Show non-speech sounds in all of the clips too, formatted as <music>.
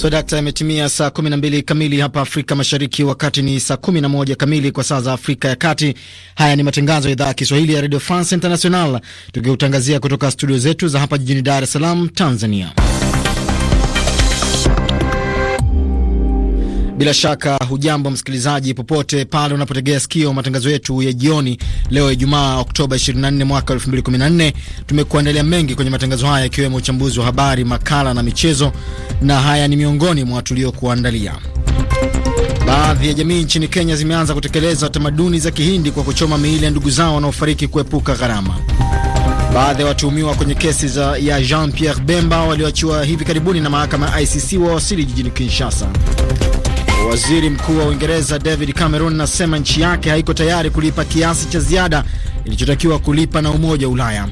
So dakta, imetimia saa 12 kamili hapa Afrika Mashariki, wakati ni saa 11 kamili kwa saa za Afrika ya Kati. Haya ni matangazo ya idhaa ya Kiswahili ya Radio France International, tukiutangazia kutoka studio zetu za hapa jijini Dar es Salaam, Tanzania. Bila shaka hujambo msikilizaji, popote pale unapotegea sikio matangazo yetu ya jioni leo Ijumaa, Oktoba 24 mwaka 2014. Tumekuandalia mengi kwenye matangazo haya, ikiwemo uchambuzi wa habari, makala na michezo, na haya ni miongoni mwa tuliokuandalia. Baadhi ya jamii nchini Kenya zimeanza kutekeleza tamaduni za Kihindi kwa kuchoma miili ya ndugu zao wanaofariki kuepuka gharama. Baadhi ya watuhumiwa kwenye kesi za ya Jean Pierre Bemba walioachiwa hivi karibuni na mahakama ya ICC wawasili jijini Kinshasa. Waziri Mkuu wa Uingereza David Cameron anasema nchi yake haiko tayari kulipa kiasi cha ziada ilichotakiwa kulipa na Umoja wa Ulaya.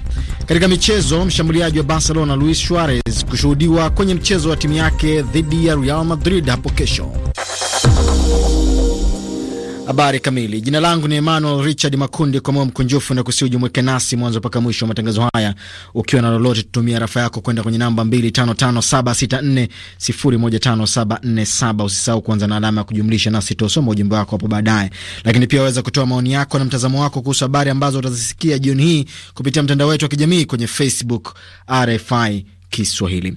Katika michezo, mshambuliaji wa Barcelona Luis Suarez kushuhudiwa kwenye mchezo wa timu yake dhidi ya Real Madrid hapo kesho. Habari kamili. Jina langu ni Emmanuel Richard Makundi, kwa moyo mkunjufu na kusi ujumuike nasi mwanzo mpaka mwisho wa matangazo haya. Ukiwa na lolote, tutumia rafa yako kwenda kwenye namba 255764015747. Usisahau kuanza na alama ya kujumlisha, nasi tutasoma ujumbe wako hapo baadaye. Lakini pia waweza kutoa maoni yako na mtazamo wako kuhusu habari ambazo utazisikia jioni hii kupitia mtandao wetu wa kijamii kwenye Facebook RFI Kiswahili.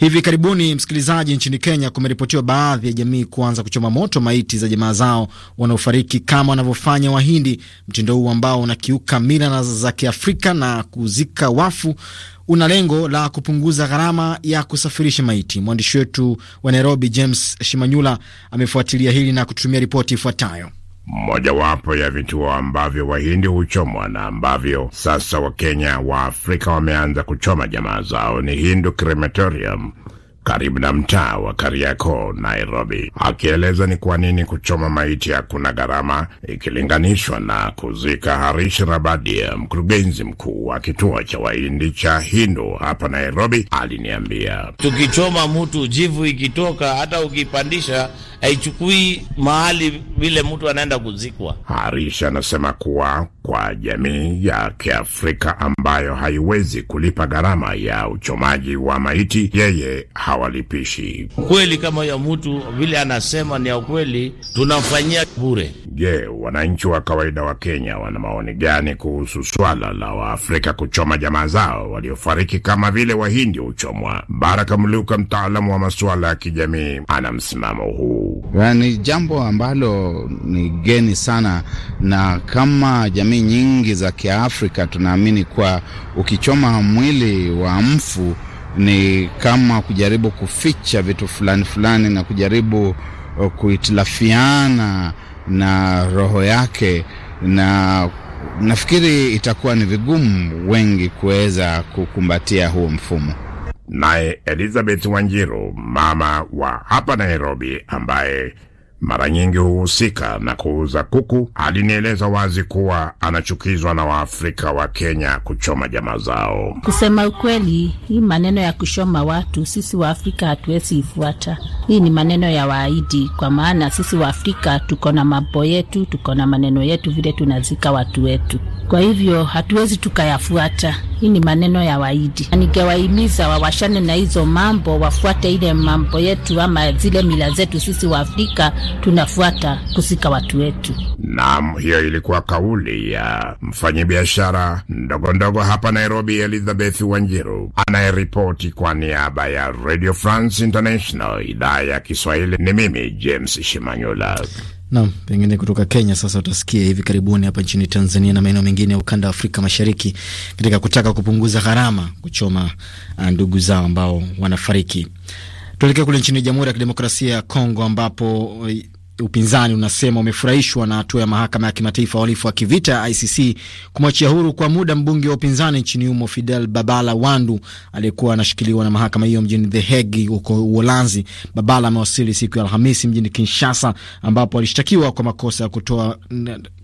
Hivi karibuni, msikilizaji, nchini Kenya kumeripotiwa baadhi ya jamii kuanza kuchoma moto maiti za jamaa zao wanaofariki kama wanavyofanya Wahindi. Mtindo huu ambao unakiuka mila za Kiafrika na kuzika wafu una lengo la kupunguza gharama ya kusafirisha maiti. Mwandishi wetu wa Nairobi, James Shimanyula, amefuatilia hili na kutumia ripoti ifuatayo mmojawapo ya vituo ambavyo Wahindi huchomwa na ambavyo sasa Wakenya wa Afrika wameanza kuchoma jamaa zao ni Hindu Crematorium karibu na mtaa wa Kariako, Nairobi, akieleza ni kwa nini kuchoma maiti hakuna gharama ikilinganishwa na kuzika. Harish Rabadia, mkurugenzi mkuu wa kituo cha Wahindi cha Hindu hapa Nairobi, aliniambia, tukichoma mtu jivu ikitoka, hata ukipandisha haichukui mahali vile mtu anaenda kuzikwa. Harish anasema kuwa kwa jamii ya Kiafrika ambayo haiwezi kulipa gharama ya uchomaji wa maiti, yeye ha hawalipishi. Ukweli kama ya mtu vile anasema ni ya ukweli, tunamfanyia bure. Je, wananchi wa kawaida wa Kenya wana maoni gani kuhusu swala la Waafrika kuchoma jamaa zao waliofariki kama vile Wahindi huchomwa? Baraka Mluka, mtaalamu wa masuala ya kijamii, ana msimamo huu. Ni jambo ambalo ni geni sana, na kama jamii nyingi za Kiafrika tunaamini kuwa ukichoma mwili wa mfu ni kama kujaribu kuficha vitu fulani fulani na kujaribu uh, kuhitilafiana na roho yake, na nafikiri itakuwa ni vigumu wengi kuweza kukumbatia huo mfumo. Naye Elizabeth Wanjiru, mama wa hapa Nairobi, ambaye mara nyingi huhusika na kuuza kuku, alinieleza wazi kuwa anachukizwa na Waafrika wa Kenya kuchoma jamaa zao. Kusema ukweli, hii maneno ya kushoma watu, sisi Waafrika hatuwezi ifuata. Hii ni maneno ya waaidi kwa maana sisi Waafrika tuko na mambo yetu, tuko na maneno yetu, vile tunazika watu wetu. Kwa hivyo hatuwezi tukayafuata. Hii ni maneno ya Waidi. Ningewahimiza wawashane na hizo mambo, wafuate ile mambo yetu ama zile mila zetu sisi wa Afrika tunafuata kusika watu wetu. Naam, hiyo ilikuwa kauli ya mfanyabiashara ndogo ndogo hapa Nairobi, Elizabeth Wanjiru anayeripoti kwa niaba ya Radio France International idhaa ya Kiswahili. Ni mimi James Shimanyula. Nam, pengine kutoka Kenya sasa utasikia hivi karibuni hapa nchini Tanzania na maeneo mengine ya ukanda wa Afrika Mashariki katika kutaka kupunguza gharama kuchoma ah, ndugu zao ambao wanafariki. Tuelekea kule nchini Jamhuri ya Kidemokrasia ya Kongo ambapo eh, upinzani unasema umefurahishwa na hatua ya mahakama ya kimataifa ya uhalifu wa kivita ya ICC kumwachia huru kwa muda mbunge wa upinzani nchini humo Fidel Babala Wandu aliyekuwa anashikiliwa na mahakama hiyo mjini The Hague huko Uholanzi. Babala amewasili siku ya Alhamisi mjini Kinshasa, ambapo alishtakiwa kwa makosa ya kutoa,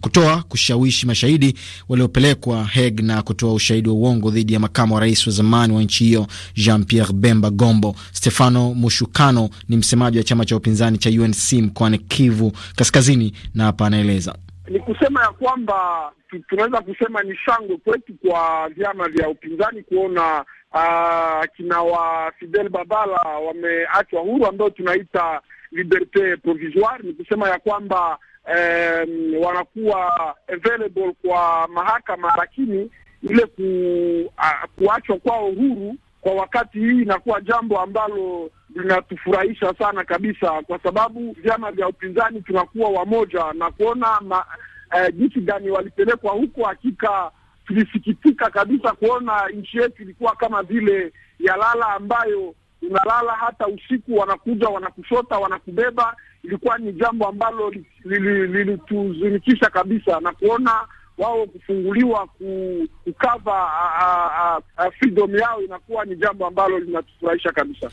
kutoa kushawishi mashahidi waliopelekwa Hague na kutoa ushahidi wa uongo dhidi ya makamu wa rais wa zamani wa nchi hiyo Jean Pierre Bemba Gombo. Stefano Mushukano ni msemaji wa chama cha upinzani cha UNC mkoani Kivu Kaskazini, na hapa anaeleza. Ni kusema ya kwamba tunaweza kusema ni shangwe kwetu kwa vyama vya upinzani kuona akina ah, wa Fidel Babala wameachwa huru, ambayo tunaita liberte provisoire. Ni kusema ya kwamba um, wanakuwa available kwa mahakama, lakini ile ku, uh, kuachwa kwao huru kwa wakati hii inakuwa jambo ambalo linatufurahisha sana kabisa, kwa sababu vyama vya upinzani tunakuwa wamoja na kuona eh, jinsi gani walipelekwa huko. Hakika tulisikitika kabisa kuona nchi yetu ilikuwa kama vile ya lala ambayo unalala hata usiku, wanakuja wanakushota, wanakubeba. Ilikuwa ni jambo ambalo lilituzunikisha li, li, li, kabisa na kuona wao kufunguliwa kukava freedom yao inakuwa ni jambo ambalo linatufurahisha kabisa.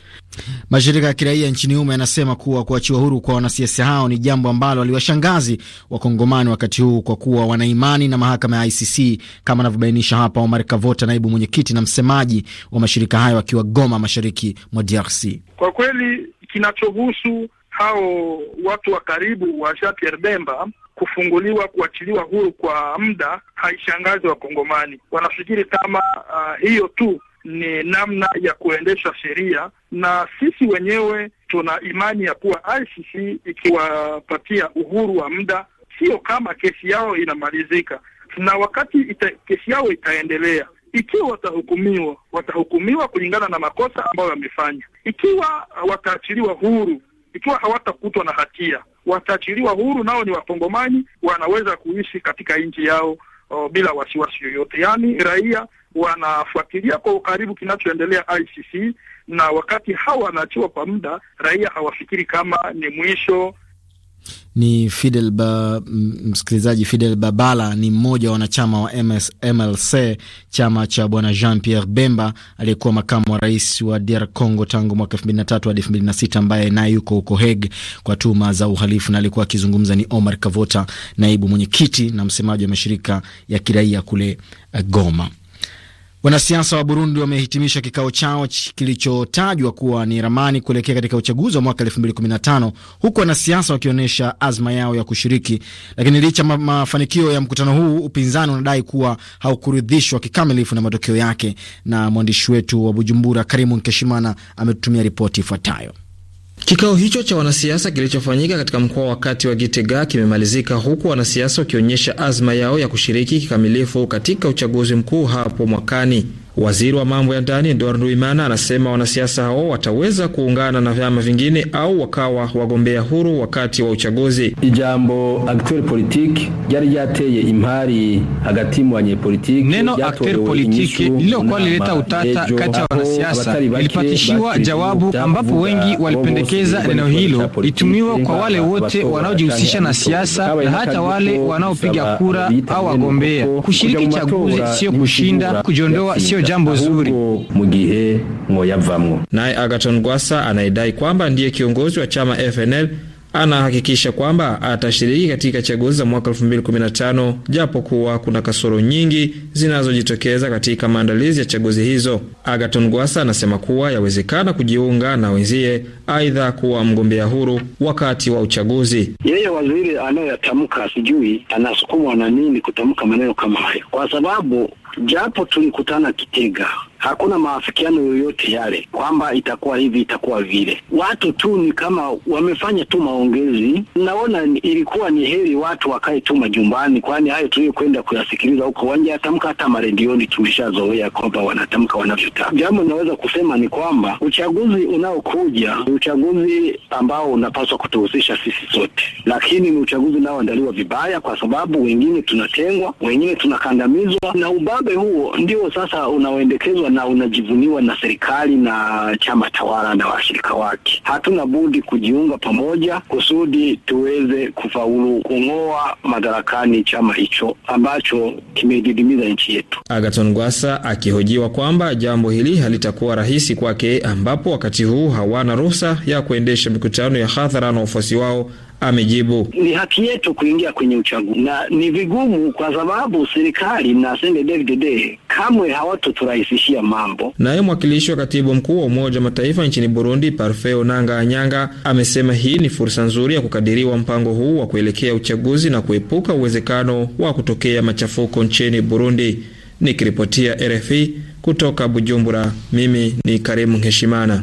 Mashirika ya kiraia nchini humo yanasema kuwa kuachiwa huru kwa wanasiasa hao ni jambo ambalo aliwashangazi Wakongomani wakati huu kwa kuwa wanaimani na mahakama ya ICC, kama anavyobainisha hapa Omar Kavota, naibu mwenyekiti na msemaji wa mashirika hayo akiwa Goma, mashariki mwa DRC. Kwa kweli kinachohusu hao watu wa karibu wa Jean Pierre Bemba kufunguliwa kuachiliwa huru kwa muda haishangazi Wakongomani. Wanafikiri kama uh, hiyo tu ni namna ya kuendesha sheria, na sisi wenyewe tuna imani ya kuwa ICC ikiwapatia uhuru wa muda, sio kama kesi yao inamalizika, na wakati ita, kesi yao itaendelea ikiwa watahukumiwa, watahukumiwa kulingana na makosa ambayo wamefanya. Ikiwa wataachiliwa huru, ikiwa hawatakutwa na hatia, wataachiliwa huru, nao ni Wakongomani, wanaweza kuishi katika nchi yao o, bila wasiwasi yoyote. Yaani raia wanafuatilia kwa ukaribu kinachoendelea ICC, na wakati hawa wanaachiwa kwa muda, raia hawafikiri kama ni mwisho ni Fidel ba, msikilizaji Fidel Babala ni mmoja wa wanachama wa MS, MLC, chama cha bwana Jean Pierre Bemba aliyekuwa makamu wa rais wa DR Congo tangu mwaka tatu hadi sita ambaye naye yuko huko Hague kwa tuma za uhalifu. Na alikuwa akizungumza ni Omar Kavota, naibu mwenyekiti na msemaji wa mashirika ya kiraia kule eh, Goma. Wanasiasa wa Burundi wamehitimisha kikao chao kilichotajwa kuwa ni ramani kuelekea katika uchaguzi wa mwaka 2015 huku wanasiasa wakionyesha azma yao ya kushiriki. Lakini licha ma mafanikio ya mkutano huu, upinzani unadai kuwa haukuridhishwa kikamilifu na matokeo yake, na mwandishi wetu wa Bujumbura Karimu Nkeshimana ametutumia ripoti ifuatayo. Kikao hicho cha wanasiasa kilichofanyika katika mkoa wa kati wa Gitega kimemalizika huku wanasiasa wakionyesha azma yao ya kushiriki kikamilifu katika uchaguzi mkuu hapo mwakani. Waziri wa mambo ya ndani Edward Nduimana anasema wanasiasa hao wataweza kuungana na vyama vingine au wakawa wagombea huru wakati wa uchaguzi. Ijambo acteur politique ryari ryateye impari hagati mu banyepolitike. Neno acteur politique lililokuwa lileta utata kati ya wanasiasa lilipatishiwa jawabu, ambapo wengi walipendekeza neno hilo litumiwa kwa wale wote wanaojihusisha na siasa na hata wale wanaopiga kura au wagombea. Kushiriki chaguzi sio kushinda, kujiondoa sio jambo zuri mugihe mwoyavamwo. Naye agaton gwasa anayedai kwamba ndiye kiongozi wa chama FNL anahakikisha kwamba atashiriki katika chaguzi za mwaka 2015 japo kuwa kuna kasoro nyingi zinazojitokeza katika maandalizi ya chaguzi hizo. Agaton Gwasa anasema kuwa yawezekana kujiunga na wenzie, aidha kuwa mgombea huru wakati wa uchaguzi. Yeye waziri anayoyatamka, sijui anasukumwa na nini kutamka maneno kama hayo, kwa sababu japo tulikutana Kitega hakuna maafikiano yoyote yale kwamba itakuwa hivi itakuwa vile. Watu tu ni kama wamefanya tu maongezi. Naona ilikuwa ni heri watu wakae tu majumbani, kwani hayo tuliyokwenda kuyasikiliza huko atamka hata marendioni, tumeshazoea kwamba wanatamka wanavyotaka. Jambo naweza kusema ni kwamba uchaguzi unaokuja ni uchaguzi ambao unapaswa kutuhusisha sisi sote, lakini ni uchaguzi unaoandaliwa vibaya, kwa sababu wengine tunatengwa, wengine tunakandamizwa, na ubabe huo ndio sasa unaoendekezwa na unajivuniwa na serikali na chama tawala na washirika wake. Hatuna budi kujiunga pamoja kusudi tuweze kufaulu kung'oa madarakani chama hicho ambacho kimedidimiza nchi yetu. Agaton Gwasa akihojiwa kwamba jambo hili halitakuwa rahisi kwake, ambapo wakati huu hawana ruhusa ya kuendesha mikutano ya hadhara na wafuasi wao amejibu, ni haki yetu kuingia kwenye uchaguzi na ni vigumu kwa sababu serikali na Sende David Day kamwe hawatoturahisishia mambo. Naye mwakilishi wa katibu mkuu wa Umoja wa Mataifa nchini Burundi Parfeo nanga anyanga amesema hii ni fursa nzuri ya kukadiriwa mpango huu wa kuelekea uchaguzi na kuepuka uwezekano wa kutokea machafuko nchini Burundi. Nikiripotia RFI kutoka Bujumbura, mimi ni Karimu Heshimana.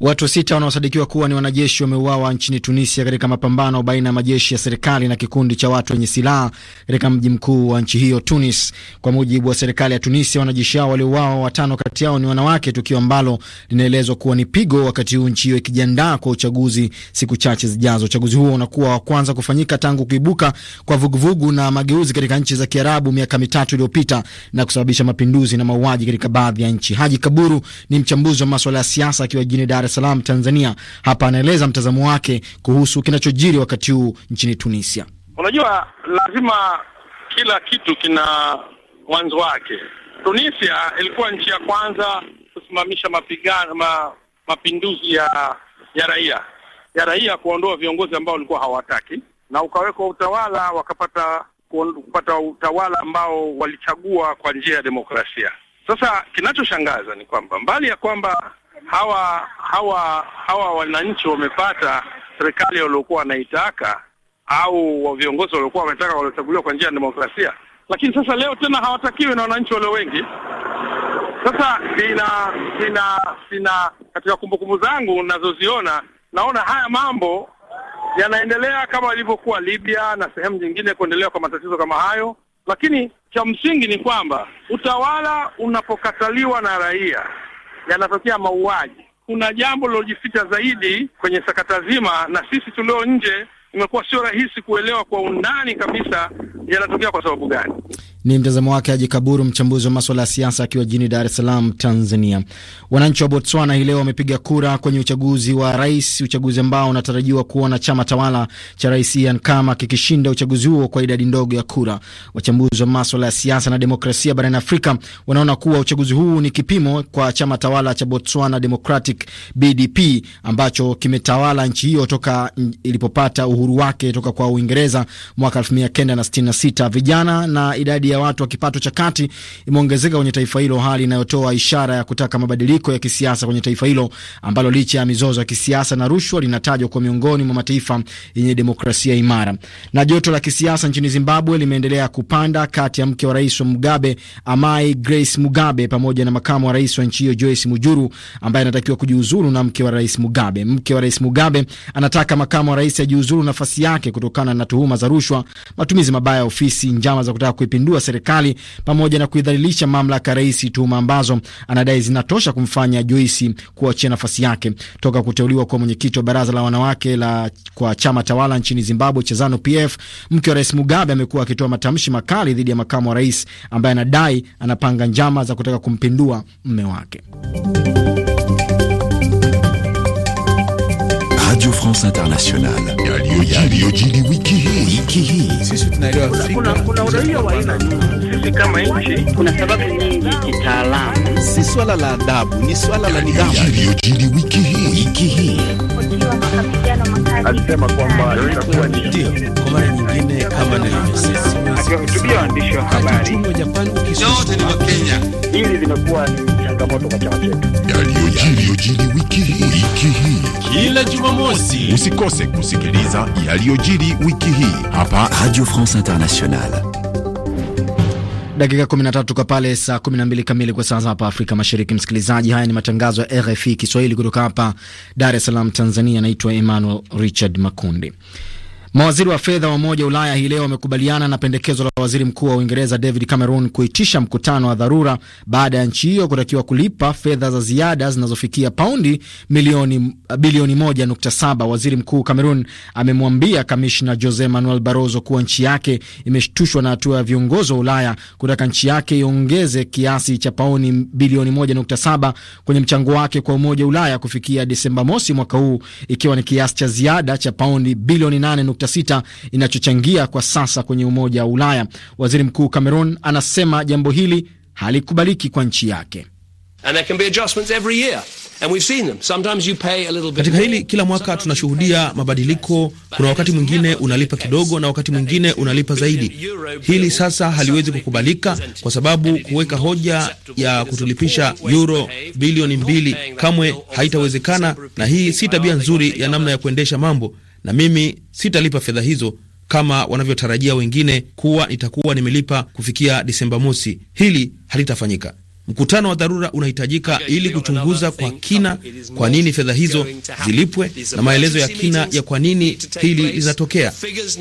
Watu sita wanaosadikiwa kuwa ni wanajeshi wameuawa nchini Tunisia katika mapambano baina ya majeshi ya serikali na kikundi cha watu wenye silaha katika mji mkuu wa nchi hiyo Tunis. Kwa mujibu wa serikali ya Tunisia, wanajeshi hao waliouawa, watano kati yao ni wanawake, tukio ambalo linaelezwa kuwa ni pigo, wakati huu nchi hiyo ikijiandaa kwa uchaguzi siku chache zijazo. Uchaguzi huo unakuwa wa kwanza kufanyika tangu kuibuka kwa vuguvugu na mageuzi katika nchi za Kiarabu miaka mitatu iliyopita na kusababisha mapinduzi na mauaji katika baadhi ya nchi. Haji Kaburu ni mchambuzi wa maswala ya siasa akiwa jijini Dar es Salaam, Tanzania. Hapa anaeleza mtazamo wake kuhusu kinachojiri wakati huu nchini Tunisia. Unajua, lazima kila kitu kina mwanzo wake. Tunisia ilikuwa nchi ya kwanza kusimamisha mapigano ma, mapinduzi ya ya raia ya raia, kuondoa viongozi ambao walikuwa hawataki, na ukawekwa utawala, wakapata kupata utawala ambao walichagua kwa njia ya demokrasia. Sasa kinachoshangaza ni kwamba mbali ya kwamba hawa hawa hawa wananchi wamepata serikali waliokuwa wanaitaka au viongozi waliokuwa wametaka waliochaguliwa kwa njia ya demokrasia, lakini sasa leo tena hawatakiwi na wananchi walio wengi. Sasa sina sina sina, katika kumbukumbu zangu nazoziona, naona haya mambo yanaendelea kama ilivyokuwa Libya na sehemu nyingine, kuendelea kwa matatizo kama hayo. Lakini cha msingi ni kwamba utawala unapokataliwa na raia yanatokea mauaji. Kuna jambo lilojificha zaidi kwenye sakata zima, na sisi tulio nje imekuwa sio rahisi kuelewa kwa undani kabisa yanatokea kwa sababu gani. Ni mtazamo wake Haji Kaburu, mchambuzi wa maswala ya siasa, akiwa jijini Dar es Salaam, Tanzania. Wananchi wa Botswana hii leo wamepiga kura kwenye uchaguzi wa rais, uchaguzi ambao unatarajiwa kuona chama tawala cha Rais Ian Khama kikishinda uchaguzi huo kwa idadi ndogo ya kura. Wachambuzi wa maswala ya siasa na demokrasia barani Afrika wanaona kuwa uchaguzi huu ni kipimo kwa chama tawala cha Botswana Democratic BDP ambacho kimetawala nchi hiyo toka ilipopata uhuru wake toka kwa Uingereza mwaka 1966. Vijana na idadi ya watu wa kipato cha kati imeongezeka kwenye taifa hilo, hali inayotoa ishara ya kutaka mabadiliko ya kisiasa kwenye taifa hilo ambalo licha ya mizozo ya kisiasa na rushwa linatajwa kwa miongoni mwa mataifa yenye demokrasia imara. Na joto la kisiasa nchini Zimbabwe limeendelea kupanda kati ya mke wa rais wa Mugabe, Amai Grace Mugabe, pamoja na makamu wa rais wa nchi hiyo Joyce Mujuru ambaye anatakiwa kujiuzuru na mke wa rais Mugabe. Mke wa rais Mugabe anataka makamu wa rais ajiuzuru nafasi yake kutokana na tuhuma za rushwa, matumizi mabaya ya ofisi, njama za kutaka kuipindua kuipindua serikali pamoja na kuidhalilisha mamlaka ya rais, tuhuma ambazo anadai zinatosha kumfanya Joyce kuachia nafasi yake. Toka kuteuliwa kwa mwenyekiti wa baraza la wanawake la kwa chama tawala nchini Zimbabwe cha Zanu PF, mke wa rais Mugabe amekuwa akitoa matamshi makali dhidi ya makamu wa rais ambaye anadai anapanga njama za kutaka kumpindua mme wake. Radio France Internationale yojiri yojiri wiki hii wiki hii. Sisi tunaliwa kuna kuna uraia wa aina nyingi. Sisi kama nchi kuna sababu nyingi kitaalamu, si swala la adabu, ni swala la nidhamu. Yojiri wiki hii wiki hii. Alisema kwamba itakuwa ndio kwa mara nyingine kama nilivyosema, akiwahutubia waandishi wa habari, Japani, yote ni wa Kenya, hili limekuwa ni changamoto Yaliyojiri yojiri wiki hii wiki hii kila Jumamosi, usikose kusikiliza yaliyojiri wiki hii hapa Radio France Internationale. Dakika 13 kwa pale saa 12 kamili kwa saa za hapa Afrika Mashariki. Msikilizaji, haya ni matangazo ya RFI Kiswahili kutoka hapa Dar es Salaam, Tanzania. Naitwa Emmanuel Richard Makundi. Mawaziri wa fedha wa Umoja wa Ulaya hii leo wamekubaliana na pendekezo la waziri mkuu wa Uingereza David Cameron kuitisha mkutano wa dharura baada ya nchi hiyo kutakiwa kulipa fedha za ziada zinazofikia paundi milioni bilioni 1.7. Waziri mkuu Cameron amemwambia kamishna Jose Manuel Barroso kuwa nchi yake imeshtushwa na hatua ya viongozi wa Ulaya kutaka nchi yake iongeze kiasi cha paundi bilioni 1.7 kwenye mchango wake kwa Umoja wa Ulaya kufikia Desemba mosi mwaka huu, ikiwa ni kiasi cha ziada cha paundi bilioni 8 6 inachochangia kwa sasa kwenye Umoja wa Ulaya. Waziri Mkuu Cameron anasema jambo hili halikubaliki kwa nchi yake. Katika hili kila mwaka tunashuhudia mabadiliko. Kuna wakati mwingine unalipa kidogo na wakati mwingine unalipa zaidi. Hili sasa haliwezi kukubalika, kwa sababu kuweka hoja ya kutulipisha euro bilioni mbili kamwe haitawezekana, na hii si tabia nzuri ya namna ya kuendesha mambo na mimi sitalipa fedha hizo kama wanavyotarajia wengine kuwa nitakuwa nimelipa kufikia Disemba mosi. Hili halitafanyika. Mkutano wa dharura unahitajika ili kuchunguza kwa kina kwa nini fedha hizo zilipwe na maelezo ya kina ya kwa nini hili linatokea,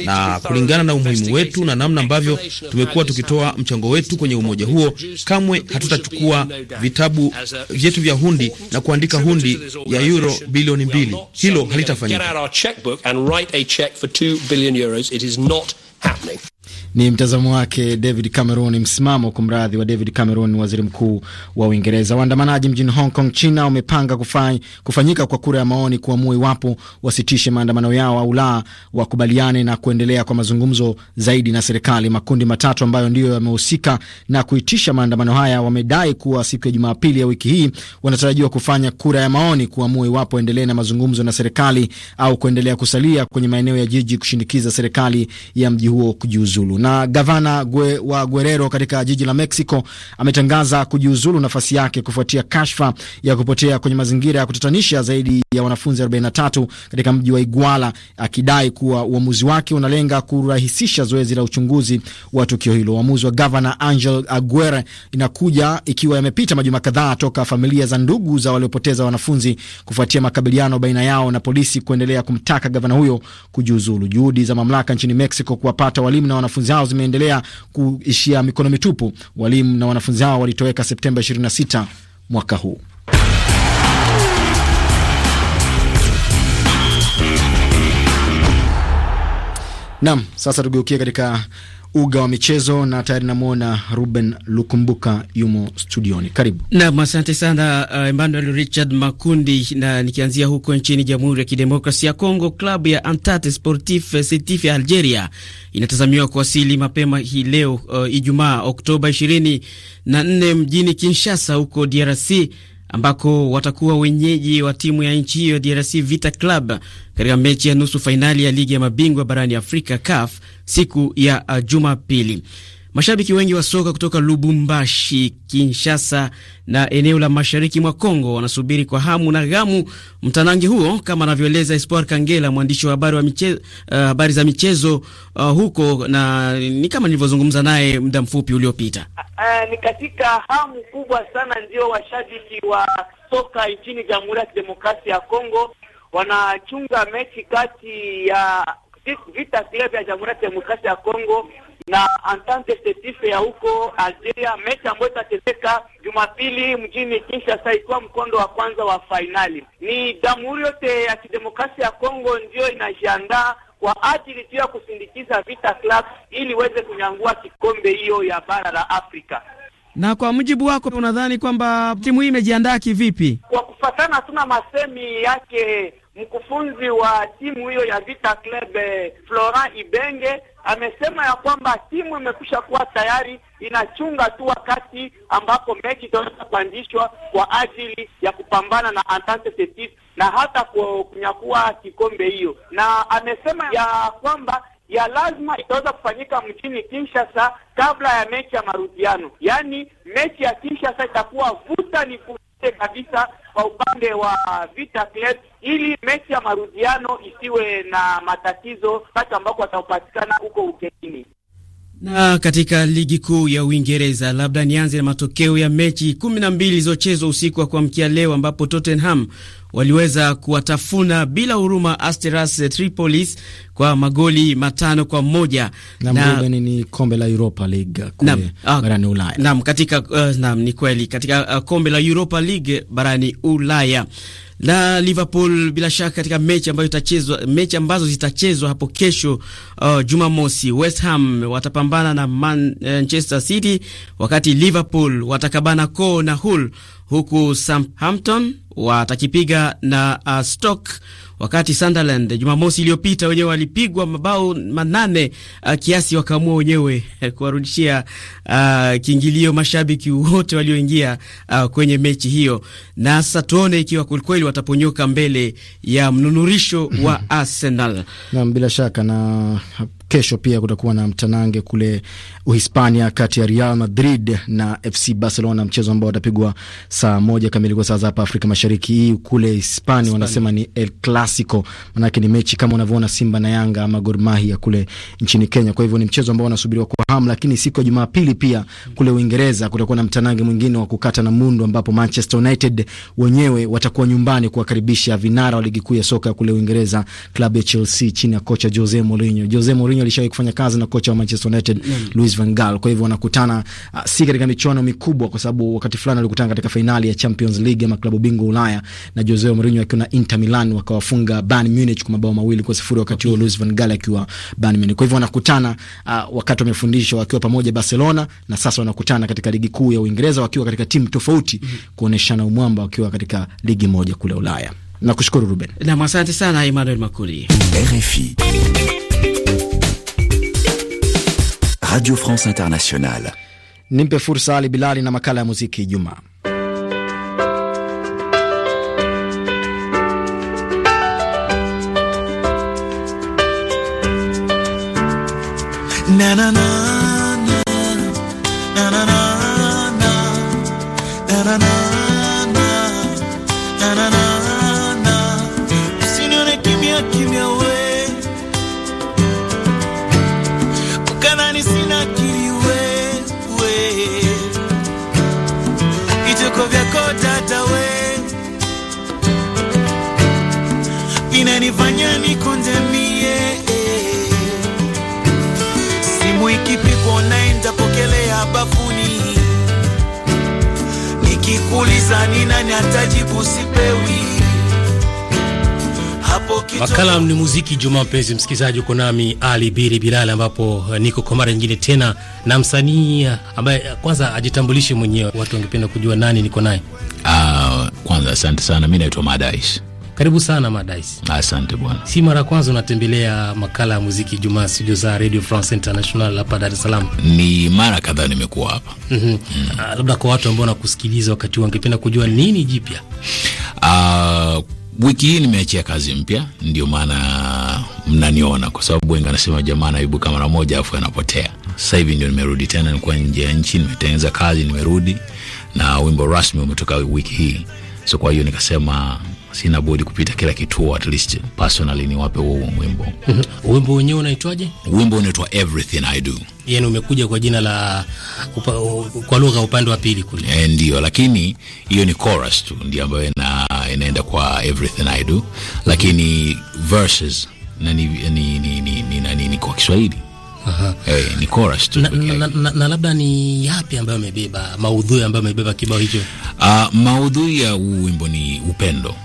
na kulingana na umuhimu wetu na namna ambavyo tumekuwa tukitoa mchango wetu kwenye umoja huo, kamwe hatutachukua vitabu vyetu vya hundi na kuandika hundi ya euro bilioni mbili. Hilo halitafanyika. Ni mtazamo wake David Cameron, msimamo kumradhi wa David Cameron, waziri mkuu wa Uingereza. Waandamanaji mjini Hong Kong, China, wamepanga kufany, kufanyika kwa kura ya maoni kuamua iwapo wasitishe maandamano yao au la, wakubaliane na kuendelea kwa mazungumzo zaidi na serikali. Makundi matatu ambayo ndiyo yamehusika na kuitisha maandamano haya wamedai kuwa siku ya Jumapili ya wiki hii wanatarajiwa kufanya kura ya maoni kuamua iwapo waendelee na mazungumzo na serikali au kuendelea kusalia kwenye maeneo ya jiji kushinikiza serikali ya mji huo kujiuzulu kujiuzulu. Na gavana gwe, wa Guerrero katika jiji la Mexico ametangaza kujiuzulu nafasi yake kufuatia kashfa ya kupotea kwenye mazingira ya kutatanisha zaidi ya wanafunzi 43 katika mji wa Iguala, akidai kuwa uamuzi wake unalenga kurahisisha zoezi la uchunguzi wa tukio hilo. Uamuzi wa gavana Angel Aguirre inakuja ikiwa yamepita majuma kadhaa toka familia za ndugu za waliopoteza wanafunzi kufuatia makabiliano baina yao na polisi kuendelea kumtaka gavana huyo kujiuzulu. Juhudi za mamlaka nchini Mexico kuwapata walimu na wanafunzi wanafunzi hao zimeendelea kuishia mikono mitupu. Walimu na wanafunzi hao walitoweka Septemba 26 mwaka huu. Nam, sasa tugeukie katika uga wa michezo, na tayari namwona Ruben Lukumbuka yumo studioni. Karibu nam. Asante sana uh, Emmanuel Richard Makundi, na nikianzia huko nchini Jamhuri ya Kidemokrasia ya Kongo, klabu ya Entente Sportif Setif ya Algeria inatazamiwa kuwasili mapema hii leo uh, Ijumaa Oktoba 24 mjini Kinshasa huko DRC ambako watakuwa wenyeji wa timu ya nchi hiyo DRC Vita Club katika mechi ya nusu fainali ya ligi ya mabingwa barani Afrika CAF siku ya uh, Jumapili. Mashabiki wengi wa soka kutoka Lubumbashi, Kinshasa na eneo la mashariki mwa Kongo wanasubiri kwa hamu na ghamu mtanange huo, kama anavyoeleza Espoir Kangela, mwandishi wa habari wa michezo, uh, eh, habari za michezo uh, huko na ni kama nilivyozungumza naye muda mfupi uliopita. Uh, ni katika hamu kubwa sana ndio washabiki wa soka nchini Jamhuri ya Kidemokrasia ya Kongo wanachunga mechi kati ya Vita Club ya Jamhuri ya Kidemokrasia ya Kongo na Entente Sportive ya huko Algeria, mechi ambayo itatezeka Jumapili mjini Kinshasa, ikiwa mkondo wa kwanza wa fainali. Ni jamhuri yote ya kidemokrasia ya Kongo ndiyo inajiandaa kwa ajili tu ya kusindikiza Vita Club ili iweze kunyangua kikombe hiyo ya bara la Afrika. Na kwa mujibu wako, unadhani kwamba timu hii imejiandaa kivipi? Kwa kufatana, hatuna masemi yake mkufunzi wa timu hiyo ya Vita Club eh, Florent Ibenge amesema ya kwamba timu imekwisha kuwa tayari, inachunga tu wakati ambapo mechi itaweza kuandishwa kwa ajili ya kupambana na Entente Settis na hata kunyakua kikombe hiyo, na amesema ya kwamba ya lazima itaweza kufanyika mjini Kinshasa kabla ya mechi ya marudiano, yaani mechi ya Kinshasa itakuwa vuta ni kabisa kwa upande wa Vita Club ili mechi ya marudiano isiwe na matatizo kati ambako watapatikana huko ugenini. Na katika ligi kuu ya Uingereza, labda nianze na matokeo ya mechi kumi na mbili zilizochezwa usiku wa kuamkia leo ambapo Tottenham waliweza kuwatafuna bila huruma Asteras Tripolis kwa magoli matano kwa moja na, na ni kombe la Europa League kule ah, barani Ulaya. Naam, katika uh, naam ni kweli katika uh, kombe la Europa League barani Ulaya na Liverpool bila shaka katika mechi ambayo itachezwa mechi ambazo zitachezwa hapo kesho uh, Jumamosi, West Ham watapambana na Manchester City, wakati Liverpool watakabana koo na Hull, huku Southampton watakipiga na uh, Stoke, wakati Sunderland Jumamosi iliyopita wenyewe walipigwa mabao manane uh, kiasi wakaamua wenyewe <laughs> kuwarudishia uh, kiingilio mashabiki wote walioingia uh, kwenye mechi hiyo, na sasa tuone ikiwa kwelikweli wataponyoka mbele ya mnunurisho wa <clears throat> Arsenal. Naam, bila shaka na Kesho pia kutakuwa na mtanange kule Uhispania kati ya Real Madrid na FC Barcelona, mchezo ambao watapigwa saa moja kamili kwa saa za hapa Afrika Mashariki. Hii kule Hispania wanasema ni El Clasico, manake ni mechi kama unavyoona Simba na Yanga ama Gor Mahia kule nchini Kenya. Kwa hivyo ni mchezo ambao wanasubiriwa kwa hamu, lakini siku ya Jumapili pia kule Uingereza kutakuwa na mtanange mwingine wa kukata na mundu, ambapo Manchester United wenyewe watakuwa nyumbani kuwakaribisha vinara wa ligi kuu ya soka kule Uingereza, klabu ya Chelsea chini ya kocha Jose Mourinho. Jose Mourinho Mourinho alishawahi kufanya kazi na kocha wa Manchester United mm. Louis van Gaal. Kwa hivyo wanakutana uh, si katika michuano mikubwa, kwa sababu wakati fulani walikutana katika fainali ya Champions League ama klabu bingwa Ulaya, na Jose Mourinho akiwa na Inter Milan wakawafunga Bayern Munich kwa mabao mawili kwa sifuri wakati huo Louis van Gaal akiwa Bayern Munich. Kwa hivyo wanakutana uh, wakati wamefundishwa wakiwa pamoja Barcelona, na sasa wanakutana katika ligi kuu ya Uingereza wakiwa katika timu tofauti mm. -hmm. kuoneshana umwamba wakiwa katika ligi moja kule Ulaya. Nakushukuru Ruben. Nam, asante sana Emmanuel Makuli, RFI. Radio France Internationale. Nimpe fursa Ali Bilali na makala ya muziki Ijumaa. na na na Uliza ni nani atajibu, sipewi. Makala ni muziki juma. Mpenzi msikilizaji, uko nami Ali Biri Bilal, ambapo uh, niko kwa mara nyingine tena na msanii uh, ambaye uh, kwanza ajitambulishe mwenyewe, watu wangependa kujua nani niko naye. Uh, kwanza asante sana, mi naitwa Madaish karibu sana Madais. Asante bwana. Si mara kwanza unatembelea makala ya muziki Jumaa studio za Radio France International hapa Dar es Salaam. Ni mara kadhaa nimekuwa hapa. Mhm. mm -hmm. mm. Uh, Labda kwa watu ambao wanakusikiliza wakati wangependa kujua nini jipya? Uh, wiki hii nimeachia kazi mpya, ndio maana mnaniona, kwa sababu wengi anasema jamaa anaibuka mara moja afu anapotea. Sasa hivi ndio nimerudi tena, nikuwa nje ya nchi, nimetengeneza kazi, nimerudi na wimbo rasmi umetoka wiki hii, so kwa hiyo nikasema sina budi kupita kila kituo, at least personally niwape huo wimbo. Mhm. Wimbo wenyewe unaitwaje? Wimbo unaitwa Everything I Do. Yani umekuja kwa jina la upa, kwa lugha upande wa pili kule. E, ndio, lakini hiyo ni chorus tu ndio ambayo ina, inaenda kwa Everything I Do, lakini verses na ni ni ni ni, ni, ni, ni kwa Kiswahili Hey, eh, ni chorus tu na, na, na, na labda ni yapi ambayo amebeba maudhui ambayo amebeba kibao hicho? Uh, maudhui ya wimbo ni upendo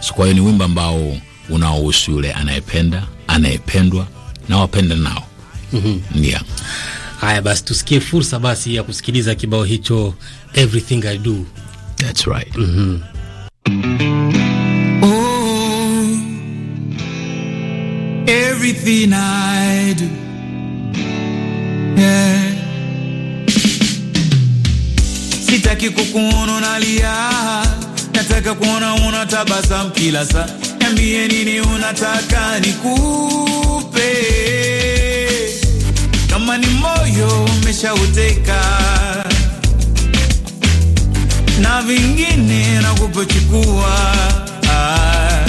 So kwa hiyo ni wimbo ambao unaohusu yule anayependa, anayependwa na wapenda nao. mm -hmm. Yeah. Haya basi, tusikie fursa basi ya kusikiliza kibao hicho Everything I Do. That's right. mm -hmm. everything I do. Yeah. Sitaki kukuona nalia nataka kuona una unatabasamu kila saa, niambie nini unataka nikupe, kama ni moyo umeshauteka na vingine nakupochukua ah,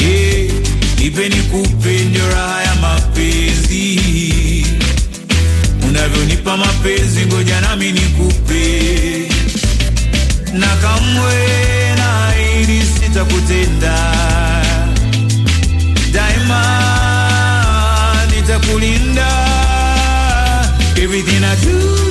yeah. Nipe nikupe, ndio raha ya mapenzi. Unavyonipa mapenzi, ngoja nami nikupe na kamwe nitakutenda daima, nitakulinda everything I do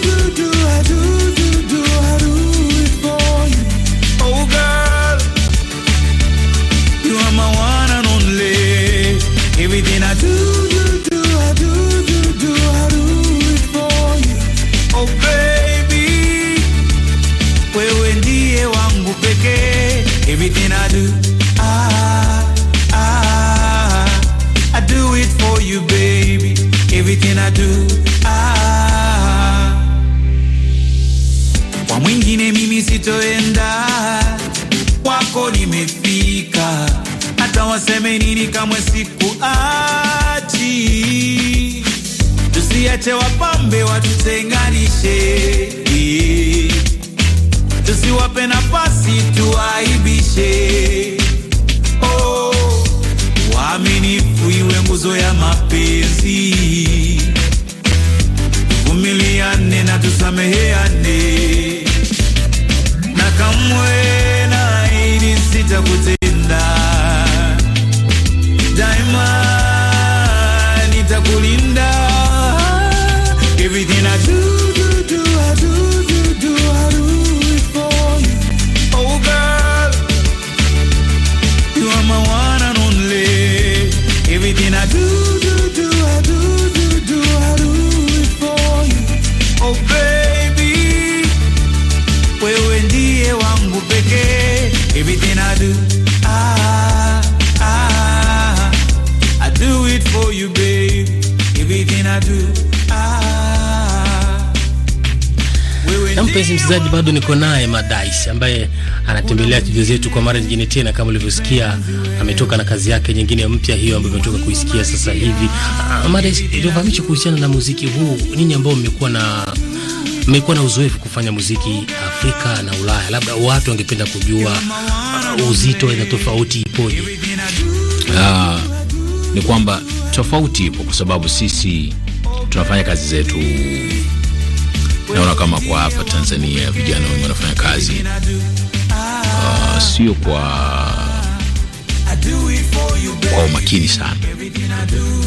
Everything I do, ah, ah, I do it for you, baby. Everything I do, ah. Kwa mwingine mimi sitoenda, kwako nimefika, hata waseme nini kamwe siku achi. Tusiache wapambe watutenganishe, yeah tusiwape nafasi tuaibishe. Oh, waaminifu iwe nguzo ya mapenzi, tuvumiliane na tusameheane, na kamwe na hili mpenzi msikilizaji, bado niko naye Madais ambaye anatembelea studio zetu kwa mara nyingine tena. Kama ulivyosikia, ametoka na kazi yake nyingine mpya hiyo ambayo umetoka kuisikia sasa hivi. Ah, Madais, tufahamishe kuhusiana na muziki huu, nini ambao mmekuwa na mmekuwa na uzoefu kufanya muziki Afrika na Ulaya, labda watu wangependa kujua ah, uzito na tofauti ipoje? Ah, ni kwamba tofauti ipo kwa sababu sisi tunafanya kazi zetu naona kama kwa hapa Tanzania vijana wengi wanafanya kazi uh, sio kwa kwa umakini sana.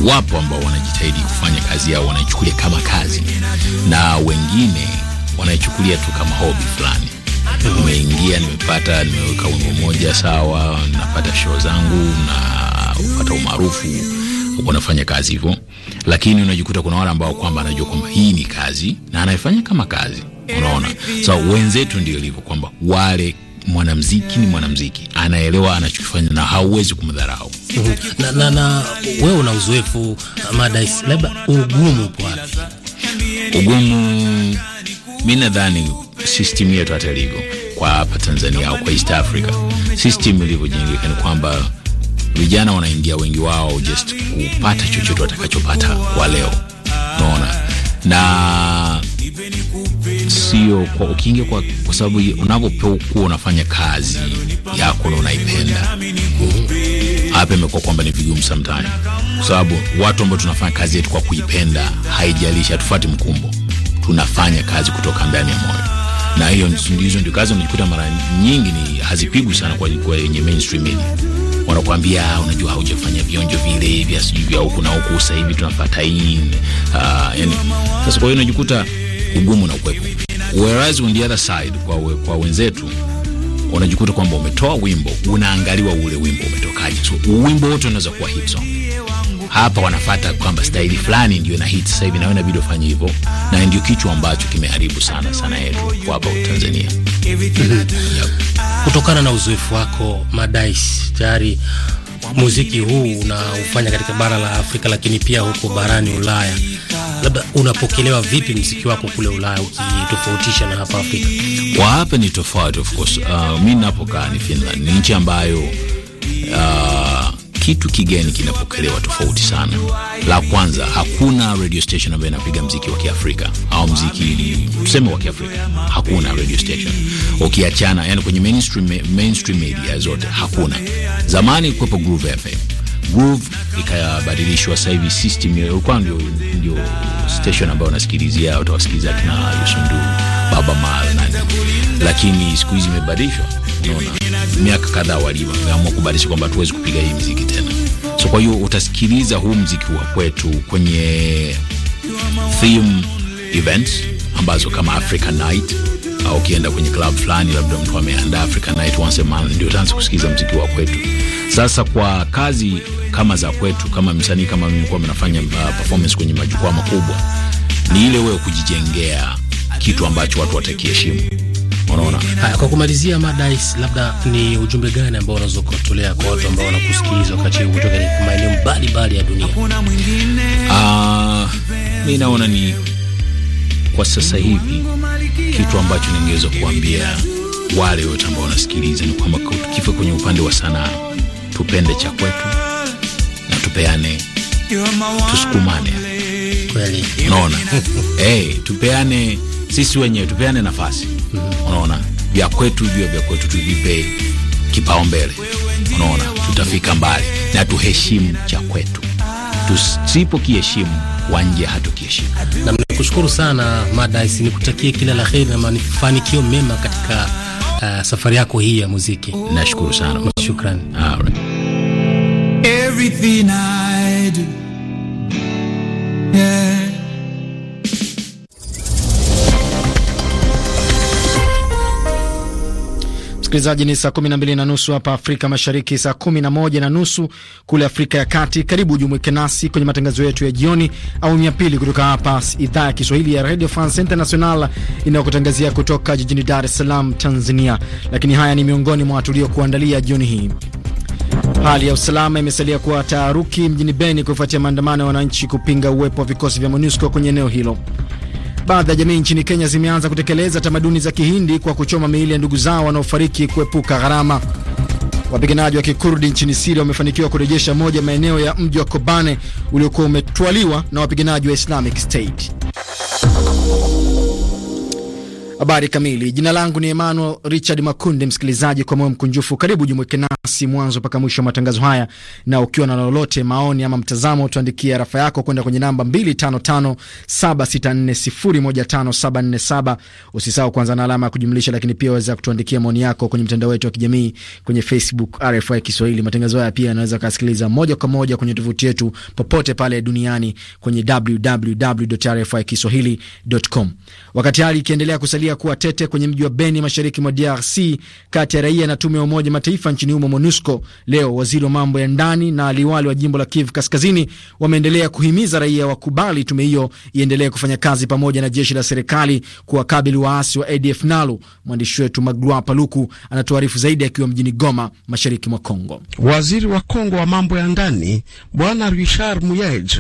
Wapo ambao wanajitahidi kufanya kazi yao, wanaichukulia kama kazi, na wengine wanaichukulia tu kama hobi fulani. Nimeingia, nimepata, nimeweka wimbo moja sawa, napata show zangu na pata umaarufu wanafanya kazi hivyo, lakini unajikuta kuna wale ambao kwamba anajua kwamba hii ni kazi na anaifanya kama kazi. Unaona, so wenzetu ndio ilivyo kwamba wale mwanamziki ni mwanamziki, anaelewa anachokifanya na hauwezi kumdharau. Mhm. na, na, na wewe una uzoefu Madais, labda ugumu upo wapi? Ugumu mi nadhani system yetu hata ilivyo kwa hapa Tanzania au kwa East Africa, system ilivyojengeka ni kwamba vijana wanaingia wengi wao just kupata chochote watakachopata kwa leo, unaona na sio kwa ukiingia kwa, kwa sababu kuwa unafanya kazi yako na unaipenda hapa, imekuwa kwamba ni vigumu sometimes, kwa sababu watu ambao tunafanya kazi yetu kwa kuipenda, haijalishi hatufuati mkumbo, tunafanya kazi kutoka ndani ya moyo, na hiyo ndizo ndio kazi unajikuta mara nyingi ni hazipigwi sana kwa, kwa yenye mainstream media wanakuambia unajua, haujafanya vionjo vile vya sijui vya huku na huku, sasa hivi tunapata hii uh, yani sasa, kwa hiyo unajikuta ugumu na ukwepo. Whereas on the other side, kwa, we, kwa wenzetu unajikuta kwamba umetoa wimbo, unaangaliwa ule wimbo umetokaje. So wimbo wote unaweza kuwa hit song. Hapa wanafata kwamba staili fulani ndio na hit sasa hivi, na wewe inabidi ufanye hivyo, na ndio kichwa ambacho kimeharibu sana sana yetu kwa hapa Tanzania kutokana na uzoefu wako Madais, tayari muziki huu unaufanya katika bara la Afrika, lakini pia huko barani Ulaya, labda unapokelewa vipi mziki wako kule Ulaya ukitofautisha na hapa Afrika? Kwa hapa ni tofauti of course. Uh, ah, mi napokaa ni Finland, ni nchi ambayo uh, kitu kigeni kinapokelewa tofauti sana. La kwanza, hakuna radio station ambayo inapiga mziki wa Kiafrika au mziki tuseme wa Kiafrika. Hakuna radio station ukiachana, yani kwenye mainstream, mainstream media zote hakuna. Zamani kwepo Groove FM Groove ikabadilishwa sasa hivi system hiyo ilikuwa ndio ndio station ambayo unasikilizia utawasikiliza kina Yusundu Baba Mal nani, lakini siku hizi imebadilishwa, unaona miaka kadhaa wameamua kubadilisha kwamba tuwezi kupiga hii mziki tena. So kwa hiyo utasikiliza huu mziki wa kwetu kwenye theme event ambazo kama African Night au ukienda kwenye club fulani, labda mtu ameandaa African Night once a month, ndio utaanza kusikiliza mziki wa kwetu. Sasa kwa kazi kama za kwetu, kama msanii kama mimi kwa mnafanya uh, performance kwenye majukwaa makubwa, ni ile wewe kujijengea kitu ambacho watu watakiheshimu unaona. Haya, kwa kumalizia Madais, labda ni ujumbe gani ambao unaweza kutolea kwa watu ambao wanakusikiliza wakati huu kutoka maeneo mbalimbali ya dunia? Ah, mimi naona ni kwa sasa hivi kitu ambacho ningeweza kuambia wale wote ambao wanasikiliza ni kwamba kifo kwenye upande wa sanaa, tupende cha kwetu na tupeane, tusukumane, kweli unaona. <laughs> Eh, hey, tupeane sisi wenyewe tupeane nafasi mm -hmm. Unaona, vya kwetu vio vya kwetu tuvipe kipaumbele, unaona, tutafika mbali na tuheshimu cha kwetu. Tusipo kiheshimu wanje kiheshimu. Na mnakushukuru sana Madais, nikutakie kila la heri na mafanikio mema katika uh, safari yako hii ya muziki. Nashukuru sana, shukrani. Everything I do yeah. Msikilizaji, ni saa kumi na mbili na nusu hapa Afrika Mashariki, saa kumi na moja na nusu kule Afrika ya Kati. Karibu ujumuike nasi kwenye matangazo yetu ya jioni, au ya pili, kutoka hapa idhaa ya Kiswahili ya Radio France International inayokutangazia kutoka jijini Dar es Salaam, Tanzania. Lakini haya ni miongoni mwa tuliokuandalia jioni hii. Hali ya usalama imesalia kuwa taharuki mjini Beni kufuatia maandamano ya wananchi kupinga uwepo wa vikosi vya MONUSCO kwenye eneo hilo. Baadhi ya jamii nchini Kenya zimeanza kutekeleza tamaduni za Kihindi kwa kuchoma miili ya ndugu zao wanaofariki kuepuka gharama. Wapiganaji wa Kikurdi nchini Siria wamefanikiwa kurejesha moja maeneo ya mji wa Kobane uliokuwa umetwaliwa na wapiganaji wa Islamic State. Habari kamili. Jina langu ni Emmanuel Richard Makunde. Msikilizaji, kwa moyo mkunjufu, karibu jumuike nasi mwanzo mpaka mwisho wa matangazo haya, na ukiwa na lolote, maoni ama mtazamo, tuandikie rafa yako kwenda kwenye namba 255764015747. Usisahau kuanza na alama ya kujumlisha, lakini pia waweza kutuandikia maoni yako kwenye mtandao wetu wa kijamii kwenye Facebook RFI Kiswahili. Matangazo haya pia yanaweza kusikiliza moja kwa moja kwenye tovuti yetu popote pale duniani kwenye www.rfikiswahili.com. Wakati hali ikiendelea kusalia inasalia kuwa tete kwenye mji wa Beni mashariki mwa DRC kati ya raia na tume ya Umoja Mataifa nchini humo MONUSCO. Leo waziri wa mambo ya ndani na aliwali wa jimbo la Kivu Kaskazini wameendelea kuhimiza raia wakubali tume hiyo iendelee kufanya kazi pamoja na jeshi la serikali kuwakabili waasi wa ADF NALU. Mwandishi wetu Magloa Paluku anatuarifu zaidi akiwa mjini Goma, mashariki mwa Kongo. Waziri wa Kongo wa mambo ya ndani Bwana Richard Muyej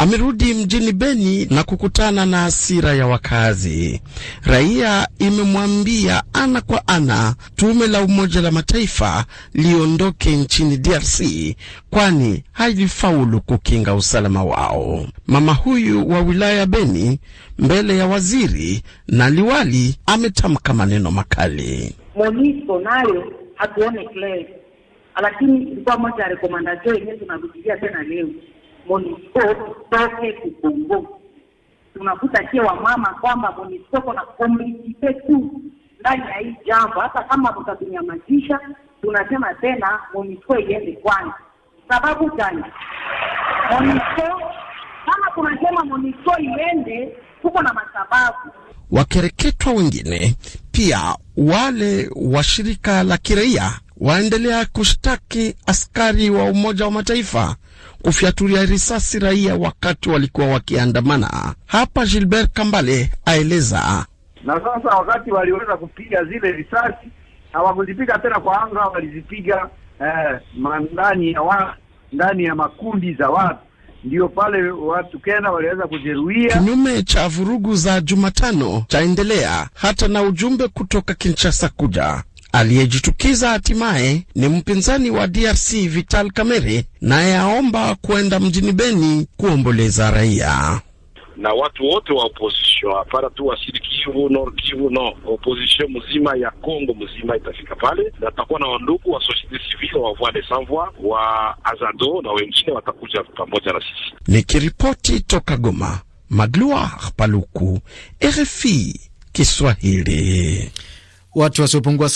amerudi mjini Beni na kukutana na hasira ya wakazi. Raia imemwambia ana kwa ana tume la Umoja la Mataifa liondoke nchini DRC kwani haifaulu kukinga usalama wao. Mama huyu wa wilaya Beni mbele ya waziri na liwali ametamka maneno makali. MONUSCO nayo hatuone, lakini ilikuwa moja ya rekomandasio yenyewe tunarudilia tena leo MONUSCO itake kukongo. Tunakuta kia wamama kwamba MONUSCO na komplisite tu ndani ya hii jambo, hata kama mtatunyamazisha, tunasema tena MONUSCO iende kwanza. Sababu gani? MONUSCO kama tunasema MONUSCO iende, tuko na masababu wakereketwa wengine pia wale wa shirika la kiraia waendelea kushtaki askari wa Umoja wa Mataifa kufyatulia risasi raia wakati walikuwa wakiandamana. Hapa Gilbert Kambale aeleza. Na sasa wakati waliweza kupiga zile risasi hawakuzipiga tena kwa anga, walizipiga eh, ndani ya watu, ndani ya makundi za watu ndio pale watu kena waliweza kujeruhia. Kinyume cha vurugu za Jumatano chaendelea hata na ujumbe kutoka Kinshasa kuja aliyejitukiza hatimaye ni mpinzani wa DRC Vital Kamerhe, naye aomba kwenda mjini Beni kuomboleza raia na watu wote wa opposition hapana tu wasiri Kivu, Nord Kivu, no opposition mzima ya congo mzima itafika pale, na atakuwa na wandugu wa societe civile wa voix des sans voix wa Azado na wengine watakuja pamoja na sisi. Nikiripoti toka Goma, Magloire Paluku, RFI Kiswahili. Watu wasiopungua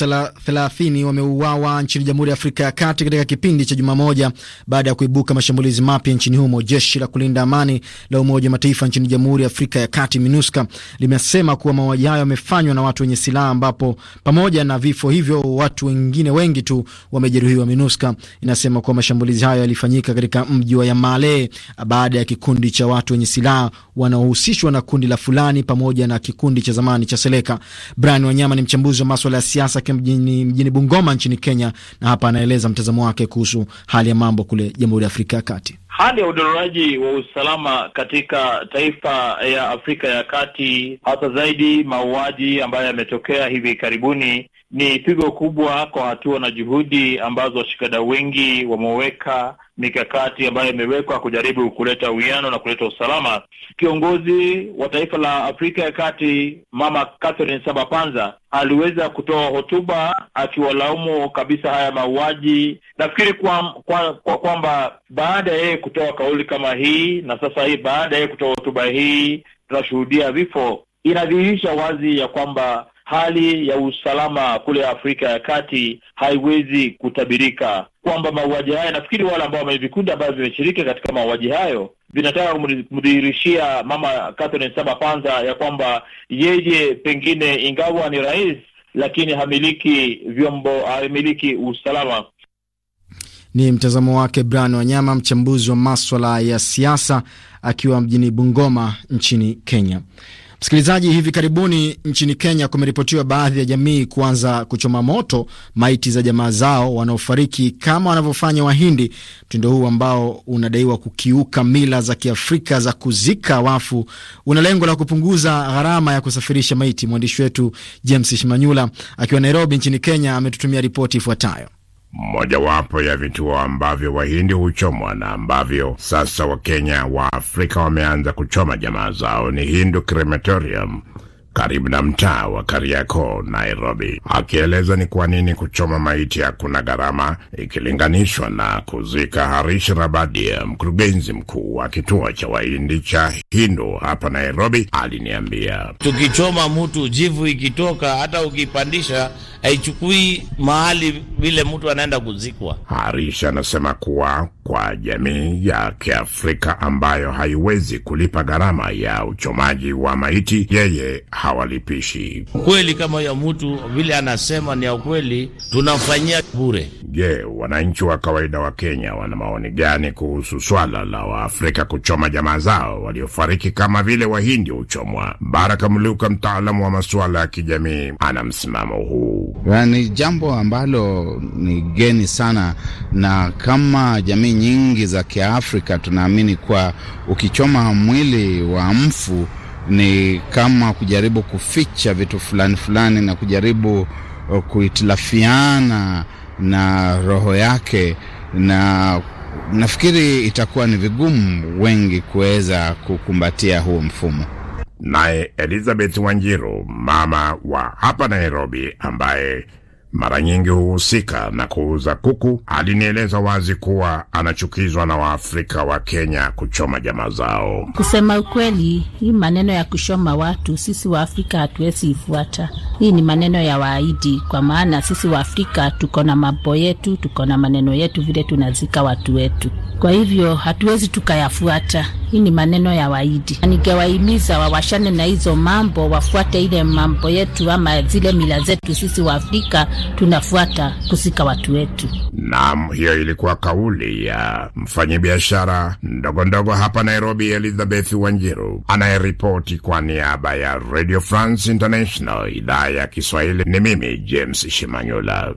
thelathini wameuawa nchini Jamhuri ya Afrika ya Kati katika kipindi cha juma moja baada ya kuibuka mashambulizi mapya nchini humo. Jeshi la kulinda amani la Umoja wa Mataifa nchini Jamhuri ya Afrika ya Kati, MINUSCA, limesema kuwa mauaji hayo yamefanywa na watu wenye silaha, ambapo pamoja na vifo hivyo watu wengine wengi tu wamejeruhiwa. MINUSCA inasema kuwa mashambulizi hayo yalifanyika katika mji wa Yamale baada ya kikundi cha watu wenye silaha wanaohusishwa na kundi la Fulani pamoja na kikundi cha zamani cha Seleka. Brian Wanyama ni mchambuzi wa maswala ya siasa akiwa mjini, mjini Bungoma nchini Kenya, na hapa anaeleza mtazamo wake kuhusu hali ya mambo kule Jamhuri ya Afrika ya Kati. Hali ya udororaji wa usalama katika taifa ya Afrika ya Kati, hasa zaidi mauaji ambayo yametokea hivi karibuni ni pigo kubwa kwa hatua na juhudi ambazo washikadau wengi wameweka, mikakati ambayo imewekwa kujaribu kuleta uwiano na kuleta usalama. Kiongozi wa taifa la Afrika ya Kati Mama Catherine Saba panza aliweza kutoa hotuba akiwalaumu kabisa haya mauaji. Nafikiri kwamba kwa, kwa, kwa baada ya yeye kutoa kauli kama hii na sasa hii baada ya yeye kutoa hotuba hii tunashuhudia vifo, inadhihirisha wazi ya kwamba hali ya usalama kule Afrika ya Kati haiwezi kutabirika kwamba mauaji haya, nafikiri wale ambao vikundi ambavyo vimeshiriki katika mauaji hayo vinataka kumdhihirishia Mama Catherine Saba Panza ya kwamba yeye pengine ingawa ni rais, lakini hamiliki vyombo, hamiliki usalama. Ni mtazamo wake Brian Wanyama, mchambuzi wa maswala ya siasa, akiwa mjini Bungoma nchini Kenya. Msikilizaji, hivi karibuni nchini Kenya kumeripotiwa baadhi ya jamii kuanza kuchoma moto maiti za jamaa zao wanaofariki kama wanavyofanya Wahindi, mtindo huu ambao unadaiwa kukiuka mila za Kiafrika za kuzika wafu una lengo la kupunguza gharama ya kusafirisha maiti. Mwandishi wetu James Shimanyula akiwa Nairobi nchini Kenya ametutumia ripoti ifuatayo mmojawapo ya vituo ambavyo Wahindi huchomwa na ambavyo sasa Wakenya wa Afrika wameanza kuchoma jamaa zao ni Hindu Crematorium karibu na mtaa wa kariako Nairobi, akieleza ni kwa nini kuchoma maiti hakuna gharama ikilinganishwa na kuzika. Harish Rabadia, mkurugenzi mkuu wa kituo cha Wahindi cha Hindu hapa Nairobi, aliniambia, tukichoma mtu, jivu ikitoka, hata ukipandisha haichukui mahali vile mtu anaenda kuzikwa. Harish anasema kuwa kwa jamii ya Kiafrika ambayo haiwezi kulipa gharama ya uchomaji wa maiti, yeye hawalipishi. Kweli kama ya mtu vile anasema ni ya ukweli, tunamfanyia bure. Je, wananchi wa kawaida wa Kenya wana maoni gani kuhusu swala la Waafrika kuchoma jamaa zao waliofariki kama vile Wahindi huchomwa? Baraka Mluka, mtaalamu wa masuala ya kijamii, ana msimamo huu. Ni jambo ambalo ni geni sana, na kama jamii nyingi za Kiafrika tunaamini kuwa ukichoma mwili wa mfu ni kama kujaribu kuficha vitu fulani fulani na kujaribu uh, kuitilafiana na roho yake, na nafikiri itakuwa ni vigumu wengi kuweza kukumbatia huo mfumo naye Elizabeth Wanjiru, mama wa hapa Nairobi, ambaye mara nyingi huhusika na kuuza kuku, alinieleza wazi kuwa anachukizwa na Waafrika wa Kenya kuchoma jamaa zao. Kusema ukweli, hii maneno ya kushoma watu, sisi Waafrika hatuwezi ifuata. Hii ni maneno ya waaidi kwa maana sisi Waafrika tuko na mambo yetu, tuko na maneno yetu, vile tunazika watu wetu. Kwa hivyo hatuwezi tukayafuata. Hii ni maneno ya waidi. Ningewahimiza wawashane na hizo mambo, wafuate ile mambo yetu ama zile mila zetu sisi wa Afrika tunafuata kusika watu wetu. Naam, hiyo ilikuwa kauli ya mfanyabiashara ndogo ndogo hapa Nairobi, Elizabeth Wanjiru anayeripoti kwa niaba ya Radio France International idhaa ya Kiswahili. Ni mimi James Shimanyula.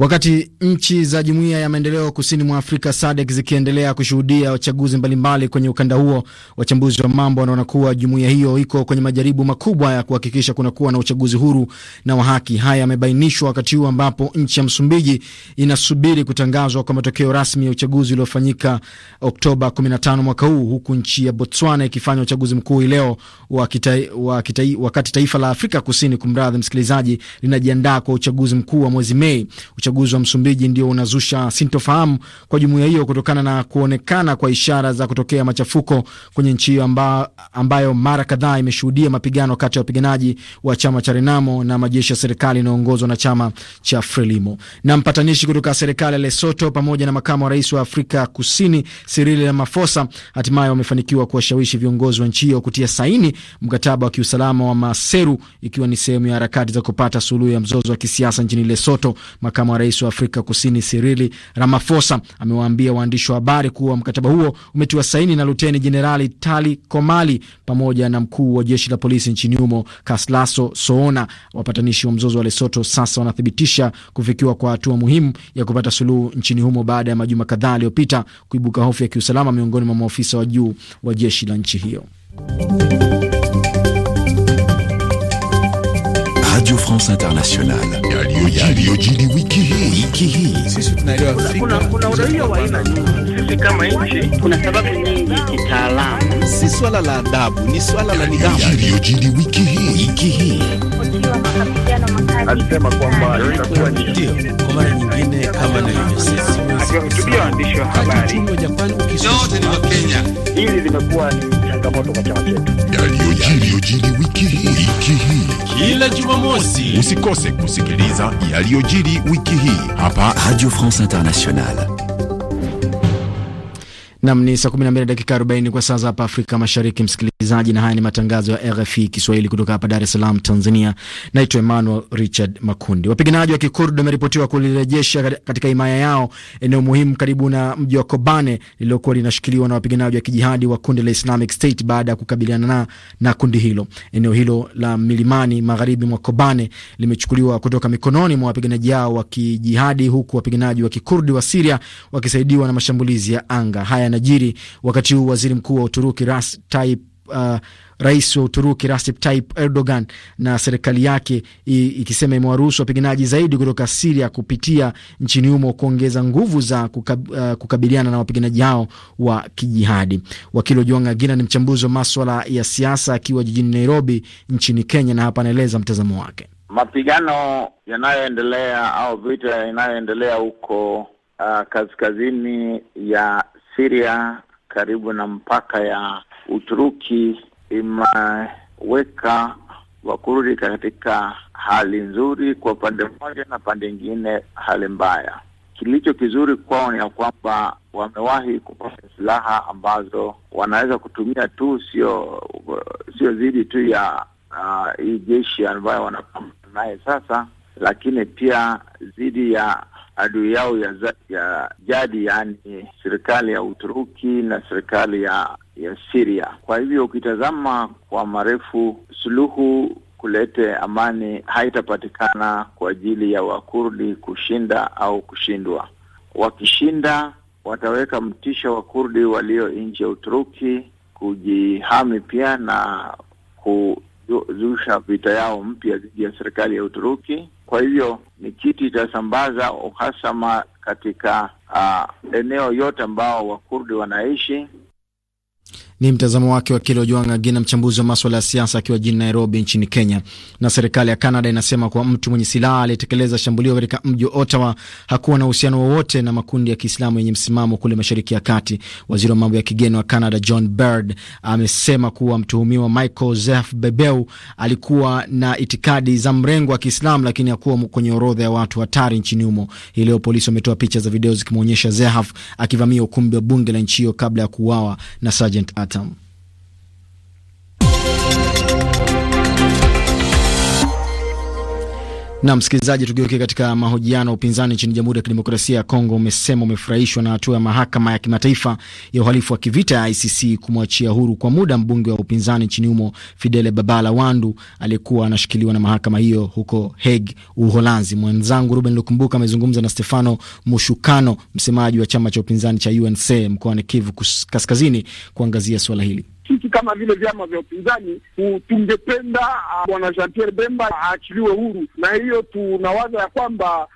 Wakati nchi za jumuiya ya maendeleo kusini mwa Afrika SADC zikiendelea kushuhudia wachaguzi mbalimbali kwenye ukanda huo, wachambuzi wa mambo wanaona kuwa jumuiya hiyo iko kwenye majaribu makubwa ya kuhakikisha kunakuwa na uchaguzi huru na wa haki. Haya yamebainishwa wakati huu ambapo nchi ya Msumbiji inasubiri kutangazwa kwa matokeo rasmi ya uchaguzi uliofanyika Oktoba 15 mwaka huu, huku nchi ya Botswana ikifanya uchaguzi mkuu leo wakati taifa la Afrika Kusini, kumradhi msikilizaji, linajiandaa kwa uchaguzi mkuu wa mwezi Mei uchaguzi wa Msumbiji ndio unazusha sintofahamu kwa jumuiya hiyo kutokana na kuonekana kwa ishara za kutokea machafuko kwenye nchi hiyo amba, ambayo mara kadhaa imeshuhudia mapigano kati ya wapiganaji wa chama cha Renamo na majeshi ya serikali inayoongozwa na chama cha Frelimo. Na mpatanishi kutoka serikali ya Lesoto pamoja na makamu wa rais wa Afrika Kusini Cyril Ramaphosa hatimaye wamefanikiwa kuwashawishi viongozi wa nchi hiyo kutia saini mkataba wa kiusalama wa Maseru ikiwa ni sehemu ya harakati za kupata suluhu ya mzozo wa kisiasa nchini Lesoto. Makamu wa rais wa Afrika Kusini sirili ramafosa amewaambia waandishi wa habari kuwa mkataba huo umetiwa saini na Luteni Jenerali Tali Komali pamoja na mkuu wa jeshi la polisi nchini humo Kaslaso Soona. Wapatanishi wa mzozo wa Lesoto sasa wanathibitisha kufikiwa kwa hatua muhimu ya kupata suluhu nchini humo baada ya majuma kadhaa aliyopita kuibuka hofu ya kiusalama miongoni mwa maofisa wa juu wa jeshi la nchi hiyo. France Internationale. Yaliyojiri Si swala la adabu, ni swala la nidhamu. Yaliyojiri wiki hii. Wiki hii alisema kwamba itakuwa ni kwa mara nyingine, kama nilivyohutubia waandishi wa habari, ni Hili limekuwa ni changamoto kwa chama chetu. Yaliyojiri wiki hii, kila Jumamosi usikose kusikiliza yaliyojiri wiki hii hapa Radio France Internationale. Nam ni saa 12 dakika 40 kwa saa za hapa Afrika Mashariki. Msikilizaji, na haya ni matangazo ya RFI Kiswahili kutoka hapa Dar es Salaam, Tanzania. Naitwa Emmanuel Richard Makundi. Wapiganaji wa Kikurdi wameripotiwa kulirejesha katika himaya yao eneo muhimu karibu na mji wa Kobane lililokuwa linashikiliwa na wapiganaji wa kijihadi wa kundi la Islamic State baada ya kukabiliana na, na kundi hilo. Eneo hilo la milimani magharibi mwa Kobane limechukuliwa kutoka mikononi mwa wapiganaji hao wa kijihadi, huku wapiganaji wa Kikurdi wa Siria wakisaidiwa na mashambulizi ya anga. Haya yanajiri wakati huu waziri mkuu wa Uturuki Ras Tayyip uh, rais wa Uturuki Recep Tayyip Erdogan na serikali yake ikisema imewaruhusu wapiganaji zaidi kutoka Siria kupitia nchini humo kuongeza nguvu za kukab, uh, kukabiliana na wapiganaji hao wa kijihadi. Wakili Ojuanga Gina ni mchambuzi wa maswala ya siasa akiwa jijini Nairobi nchini Kenya, na hapa anaeleza mtazamo wake. Mapigano yanayoendelea au vita inayoendelea huko uh, kaskazini ya Siria karibu na mpaka ya Uturuki imeweka Wakurdi katika hali nzuri kwa pande moja na pande ingine hali mbaya. Kilicho kizuri kwao ni ya kwamba wamewahi kupata silaha ambazo wanaweza kutumia tu, sio sio zidi tu ya uh, hii uh, jeshi ambayo wanapambana naye sasa, lakini pia zidi ya adui yao ya, za, ya jadi yaani serikali ya Uturuki na serikali ya ya Siria. Kwa hivyo ukitazama kwa marefu, suluhu kulete amani haitapatikana kwa ajili ya Wakurdi kushinda au kushindwa. Wakishinda wataweka mtisha Kurdi walio nje ya Uturuki kujihami pia na kuzusha vita yao mpya dhidi ya serikali ya Uturuki kwa hivyo ni kitu itasambaza uhasama katika uh, eneo yote ambao Wakurdi wanaishi ni mtazamo wake wakili Ojwang' Agina, mchambuzi wa maswala ya siasa, akiwa jijini Nairobi nchini Kenya. Na serikali ya Canada inasema kuwa mtu mwenye silaha aliyetekeleza shambulio katika mji wa Ottawa hakuwa na uhusiano wowote na makundi ya Kiislamu yenye msimamo kule Mashariki ya Kati. Waziri wa mambo ya kigeni wa Canada John Bird amesema kuwa mtuhumiwa Michael Zef Bebeu alikuwa na itikadi za mrengo wa Kiislamu, lakini hakuwa kwenye orodha ya watu hatari nchini humo. Hii leo polisi wametoa picha za video zikimwonyesha Zehaf akivamia ukumbi wa bunge la nchi hiyo kabla ya kuuawa na Sergeant Atom Na msikilizaji, tugeuke katika mahojiano. Upinzani nchini Jamhuri ya Kidemokrasia ya Kongo umesema umefurahishwa na hatua ya mahakama ya kimataifa ya uhalifu wa kivita ya ICC kumwachia huru kwa muda mbunge wa upinzani nchini humo Fidele Babala Wandu aliyekuwa anashikiliwa na mahakama hiyo huko Hague, Uholanzi. Mwenzangu Ruben Lukumbuka amezungumza na Stefano Mushukano, msemaji wa chama cha upinzani cha UNC mkoani Kivu Kaskazini, kuangazia suala hili sisi kama vile vyama vya upinzani tungependa bwana Jean Pierre Bemba aachiliwe huru, na hiyo tunawaza ya kwamba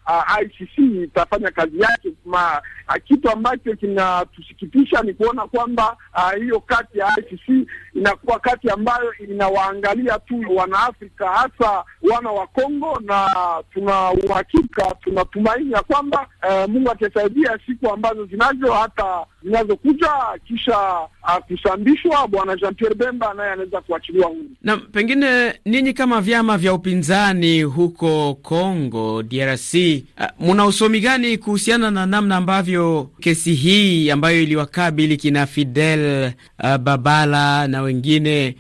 ICC itafanya kazi yake ma Ah, kitu ambacho kinatusikitisha ni kuona kwamba ah, hiyo kati ya ICC inakuwa kati ambayo inawaangalia tu wanaafrika hasa wana wa Kongo, na tuna uhakika tunatumaini ya kwamba uh, Mungu atasaidia siku ambazo zinazo hata zinazokuja kisha ah, kusambishwa bwana Jean Pierre Bemba naye anaweza kuachiliwa huru. Na pengine ninyi kama vyama vya upinzani huko Kongo DRC, uh, muna usomi gani kuhusiana na namna ambavyo ambavyo kesi hii ambayo iliwakabili kina Fidel uh, Babala na wengine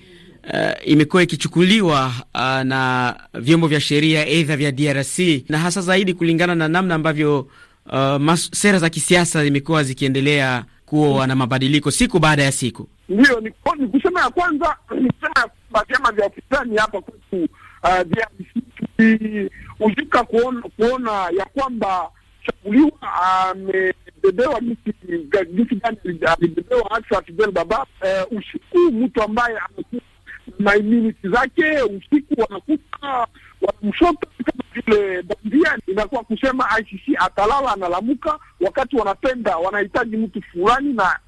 Uh, imekuwa ikichukuliwa uh, na vyombo vya sheria aidha vya DRC na hasa zaidi kulingana na namna ambavyo uh, sera za kisiasa zimekuwa zikiendelea kuwa na mabadiliko siku baada ya siku. Ndio ni, ni kusema ya kwanza nisema kusema vyama vya upinzani hapa kwetu uh, kuona, kuona ya kwamba chaguliwa ame uh, alibebewa jinsi gani alibebewa, hasa Fidel Baba. Eh, usiku mtu ambaye anakuwa na zake, usiku wanakuta wanamshoto kama vile bandia, inakuwa kusema ICC atalala analamuka, wakati wanapenda wanahitaji mtu fulani, na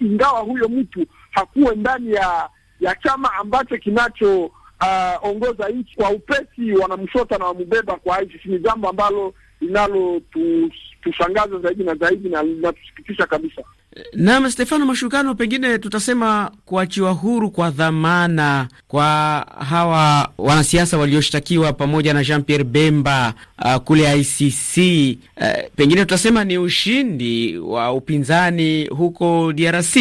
ingawa huyo mtu hakuwe ndani ya ya chama ambacho kinacho uh, ongoza nchi, kwa upesi wanamshota na wamubeba kwa ICC. Ni jambo ambalo linalotushangaza zaidi na zaidi na linatusikitisha kabisa. Naam, Stefano Mashukano, pengine tutasema kuachiwa huru kwa dhamana kwa hawa wanasiasa walioshtakiwa pamoja na Jean Pierre Bemba uh, kule ICC uh, pengine tutasema ni ushindi wa upinzani huko DRC.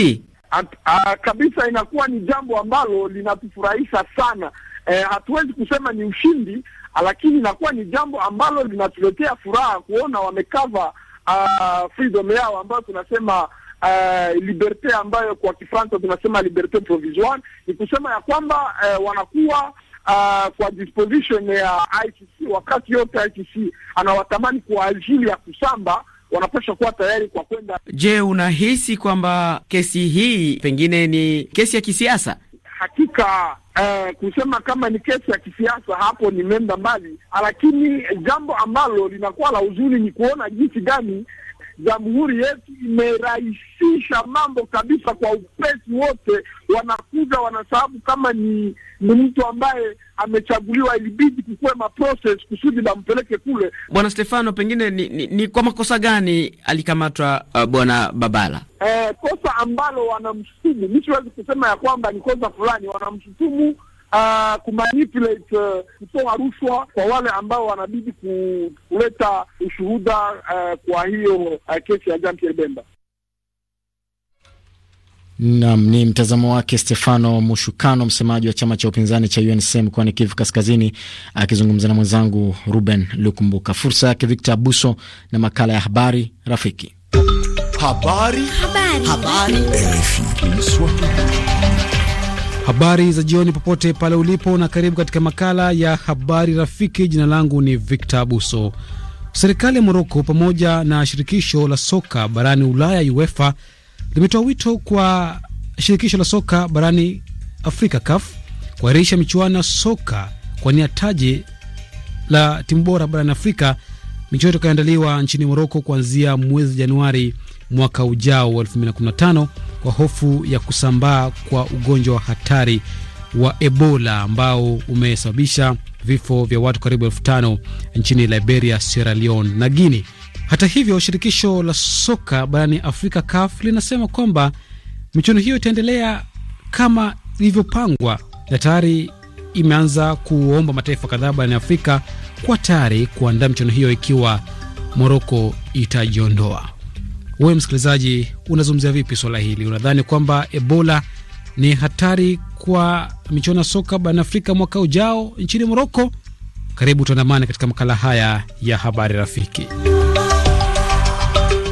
At, uh, kabisa inakuwa ni jambo ambalo linatufurahisha sana. Uh, hatuwezi kusema ni ushindi lakini inakuwa ni jambo ambalo linatuletea furaha kuona wamekava uh, freedom yao ambayo tunasema Uh, eh, liberte ambayo kwa kifransa tunasema liberte provisoire, ni kusema ya kwamba uh, wanakuwa uh, kwa disposition ya ICC wakati yote ICC anawatamani kwa ajili ya kusamba, wanapaswa kuwa tayari kwa kwenda. Je, unahisi kwamba kesi hii pengine ni kesi ya kisiasa? Hakika eh, kusema kama ni kesi ya kisiasa hapo nimeenda mbali, lakini jambo ambalo linakuwa la huzuni ni kuona jinsi gani jamhuri yetu imerahisisha mambo kabisa kwa upesi wote. Wanakuja wanasababu kama ni, ni mtu ambaye amechaguliwa, ilibidi kukuwe maprocess kusudi bampeleke kule. Bwana Stefano, pengine ni, ni, ni kwa makosa gani alikamatwa uh, bwana Babala? Eh, kosa ambalo wanamshutumu, mi siwezi kusema ya kwamba ni kosa fulani, wanamshutumu uh, kumanipulate uh, kutoa rushwa kwa wale ambao wanabidi kuleta ushuhuda uh, kwa hiyo uh, kesi ya Jean Pierre Bemba. Nam ni mtazamo wake Stefano Mushukano, msemaji wa chama cha upinzani cha UNC mkoani Kivu Kaskazini, akizungumza na mwenzangu Ruben Lukumbuka. Fursa yake Victor Abuso na makala ya habari rafiki. Habari, habari. Habari. Habari. Habari za jioni popote pale ulipo, na karibu katika makala ya habari rafiki. Jina langu ni Victor Abuso. Serikali ya Moroko pamoja na shirikisho la soka barani Ulaya, UEFA, limetoa wito kwa shirikisho la soka barani Afrika, CAF, kuahirisha michuano ya soka nia taji la timu bora barani Afrika, michuano itakayoandaliwa nchini Moroko kuanzia mwezi Januari mwaka ujao wa 2015 wa hofu ya kusambaa kwa ugonjwa wa hatari wa Ebola ambao umesababisha vifo vya watu karibu elfu tano nchini Liberia, Sierra Leone na Guinea. Hata hivyo, shirikisho la soka barani Afrika CAF linasema kwamba michuano hiyo itaendelea kama ilivyopangwa na tayari imeanza kuomba mataifa kadhaa barani Afrika kuwa tayari kuandaa michuano hiyo ikiwa Moroko itajiondoa. Wewe msikilizaji, unazungumzia vipi swala hili? Unadhani kwamba Ebola ni hatari kwa michuano ya soka barani Afrika mwaka ujao nchini Moroko? Karibu tuandamane katika makala haya ya habari rafiki.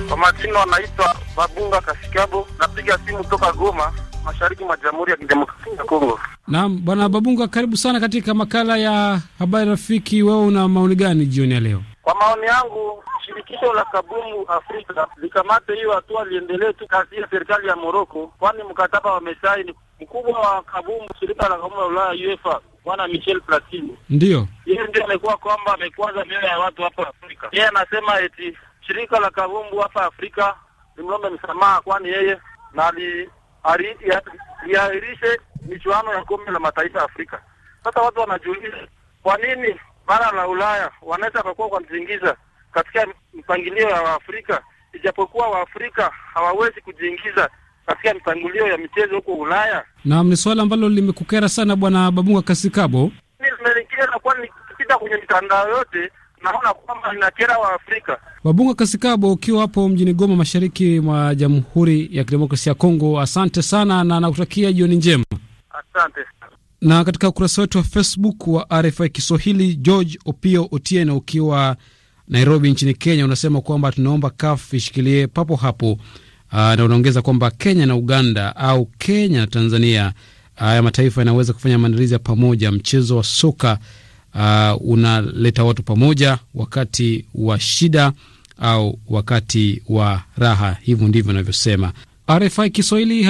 Kwa majina anaitwa Babunga Kasikabo, napiga simu toka Goma, mashariki mwa Jamhuri ya Kidemokrasia ya Kongo. Naam, bwana Babunga, karibu sana katika makala ya habari rafiki. Wewe una maoni gani jioni ya leo? Kwa maoni yangu, shirikisho la kabumbu Afrika likamate hiyo hatua, liendelee tu kazi ya serikali ya Moroko, kwani mkataba wamesaini. Mkubwa wa kabumbu shirika la kabumbu la Ulaya UEFA Bwana Michel Platini, ndiyo yeye ndio amekuwa kwamba amekwaza mioyo ya watu hapa Afrika. Yeye anasema eti shirika la kabumbu hapa Afrika limlombe msamaha, kwani yeye na liahirishe michuano ya kombe la mataifa ya Afrika. Sasa watu wanajiuliza kwa nini bara la Ulaya wanaweza kakuwa wanajiingiza katika mipangilio ya Waafrika, ijapokuwa Waafrika hawawezi kujiingiza katika mipangilio ya michezo huko Ulaya. Naam, ni swala ambalo limekukera sana Bwana babunga Kasikabo. Limenikera kwani nikipita kwenye mitandao yote naona kwamba inakera Waafrika. babunga Kasikabo, ukiwa hapo mjini Goma, mashariki mwa Jamhuri ya Kidemokrasia ya Kongo, asante sana na nakutakia jioni njema. Asante. Na katika ukurasa wetu wa Facebook wa RFI Kiswahili, George Opio Otien ukiwa Nairobi nchini Kenya unasema kwamba tunaomba CAF ishikilie papo hapo. Uh, na unaongeza kwamba Kenya na Uganda au Kenya na Tanzania, haya ah, mataifa yanaweza kufanya maandalizi ya pamoja. Mchezo wa soka ah, unaleta watu pamoja wakati wa shida au wakati wa raha. Hivyo ndivyo navyosema RFI Kiswahili.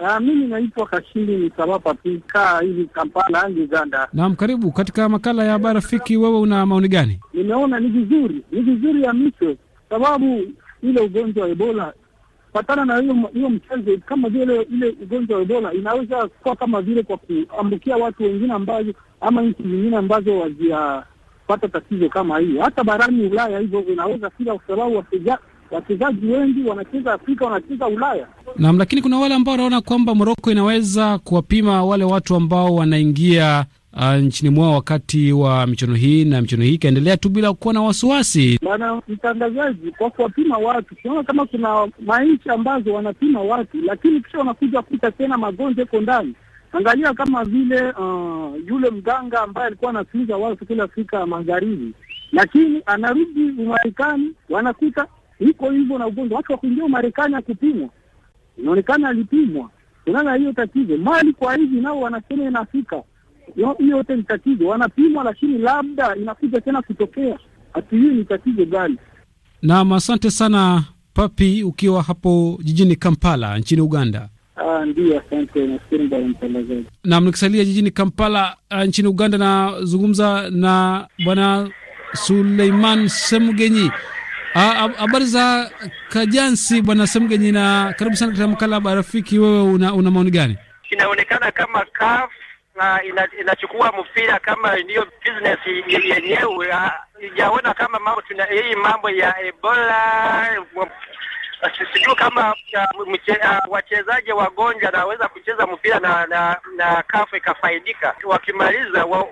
Uh, mimi naitwa Kashindi Msabapa Pinka hivi Kampala Uganda. Naam, karibu katika makala ya habari rafiki. Wewe una maoni gani? Nimeona ni vizuri, ni vizuri ya mwisho sababu ile ugonjwa wa Ebola patana na hiyo hiyo mchezo kama vile ile ugonjwa wa Ebola inaweza kuwa kama vile kwa kuambukia watu wengine ambazo ama nchi zingine ambazo wazia pata tatizo kama hiyo, hata barani Ulaya hivyo inaweza kila, kwa sababu wachezaji wengi wanacheza Afrika, wanacheza Ulaya. Naam, lakini kuna wale ambao wanaona kwamba Moroko inaweza kuwapima wale watu ambao wanaingia Uh, nchini mwao wakati wa michuano hii na michuano hii ikaendelea tu bila kuwa na wasiwasi. Bwana mtangazaji, kwa kuwapima watu tunaona kama kuna manchi ambazo wanapima watu, lakini kisha wanakuja kuta tena magonjwa iko ndani. Angalia kama vile uh, yule mganga ambaye alikuwa anafunza watu kule Afrika Magharibi, lakini anarudi Umarekani wanakuta iko hivyo na ugonjwa. Watu wakuingia Marekani akupimwa, inaonekana alipimwa kunana hiyo tatizo. Mali kwa hivi nao wanasema inafika hiyo, yote ni tatizo, wanapimwa lakini labda inakuja tena kutokea, hatujui ni tatizo gani. Naam, asante sana Papi, ukiwa hapo jijini Kampala nchini Uganda. Ah, ndio, asante mtangazaji. Naam, nikisalia jijini Kampala ah, nchini Uganda, nazungumza na Bwana Suleiman Semugenyi Ah, habari za Kajansi, bwana Semgenyi, na karibu sana katika makala Habari Rafiki. Wewe una, una maoni gani? Inaonekana kama CAF na ina, inachukua mpira kama ndiyo business yenyewe. Ah, Ijaona kama mambo tuna hii mambo ya Ebola sijui kama uh, wachezaji wagonjwa naweza kucheza mpira na na, na kafu ikafaidika. Wakimaliza wa,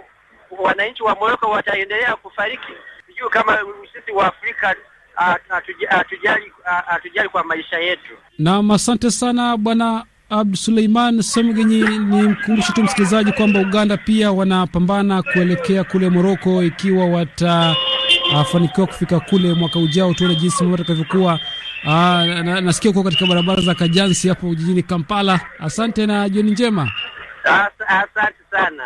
wananchi wa Moroko wataendelea kufariki. Sijui kama sisi wa Afrika hatujali kwa maisha yetu. Naam, asante sana Bwana Abdu Suleiman Semgenyi. Ni mkumbushe tu msikilizaji kwamba Uganda pia wanapambana kuelekea kule Moroko, ikiwa watafanikiwa kufika kule mwaka ujao, tuone jinsi mambo atakavyokuwa. Ah, na, nasikia uko katika barabara za Kajansi hapo jijini Kampala. Asante na jioni njema. Asante sana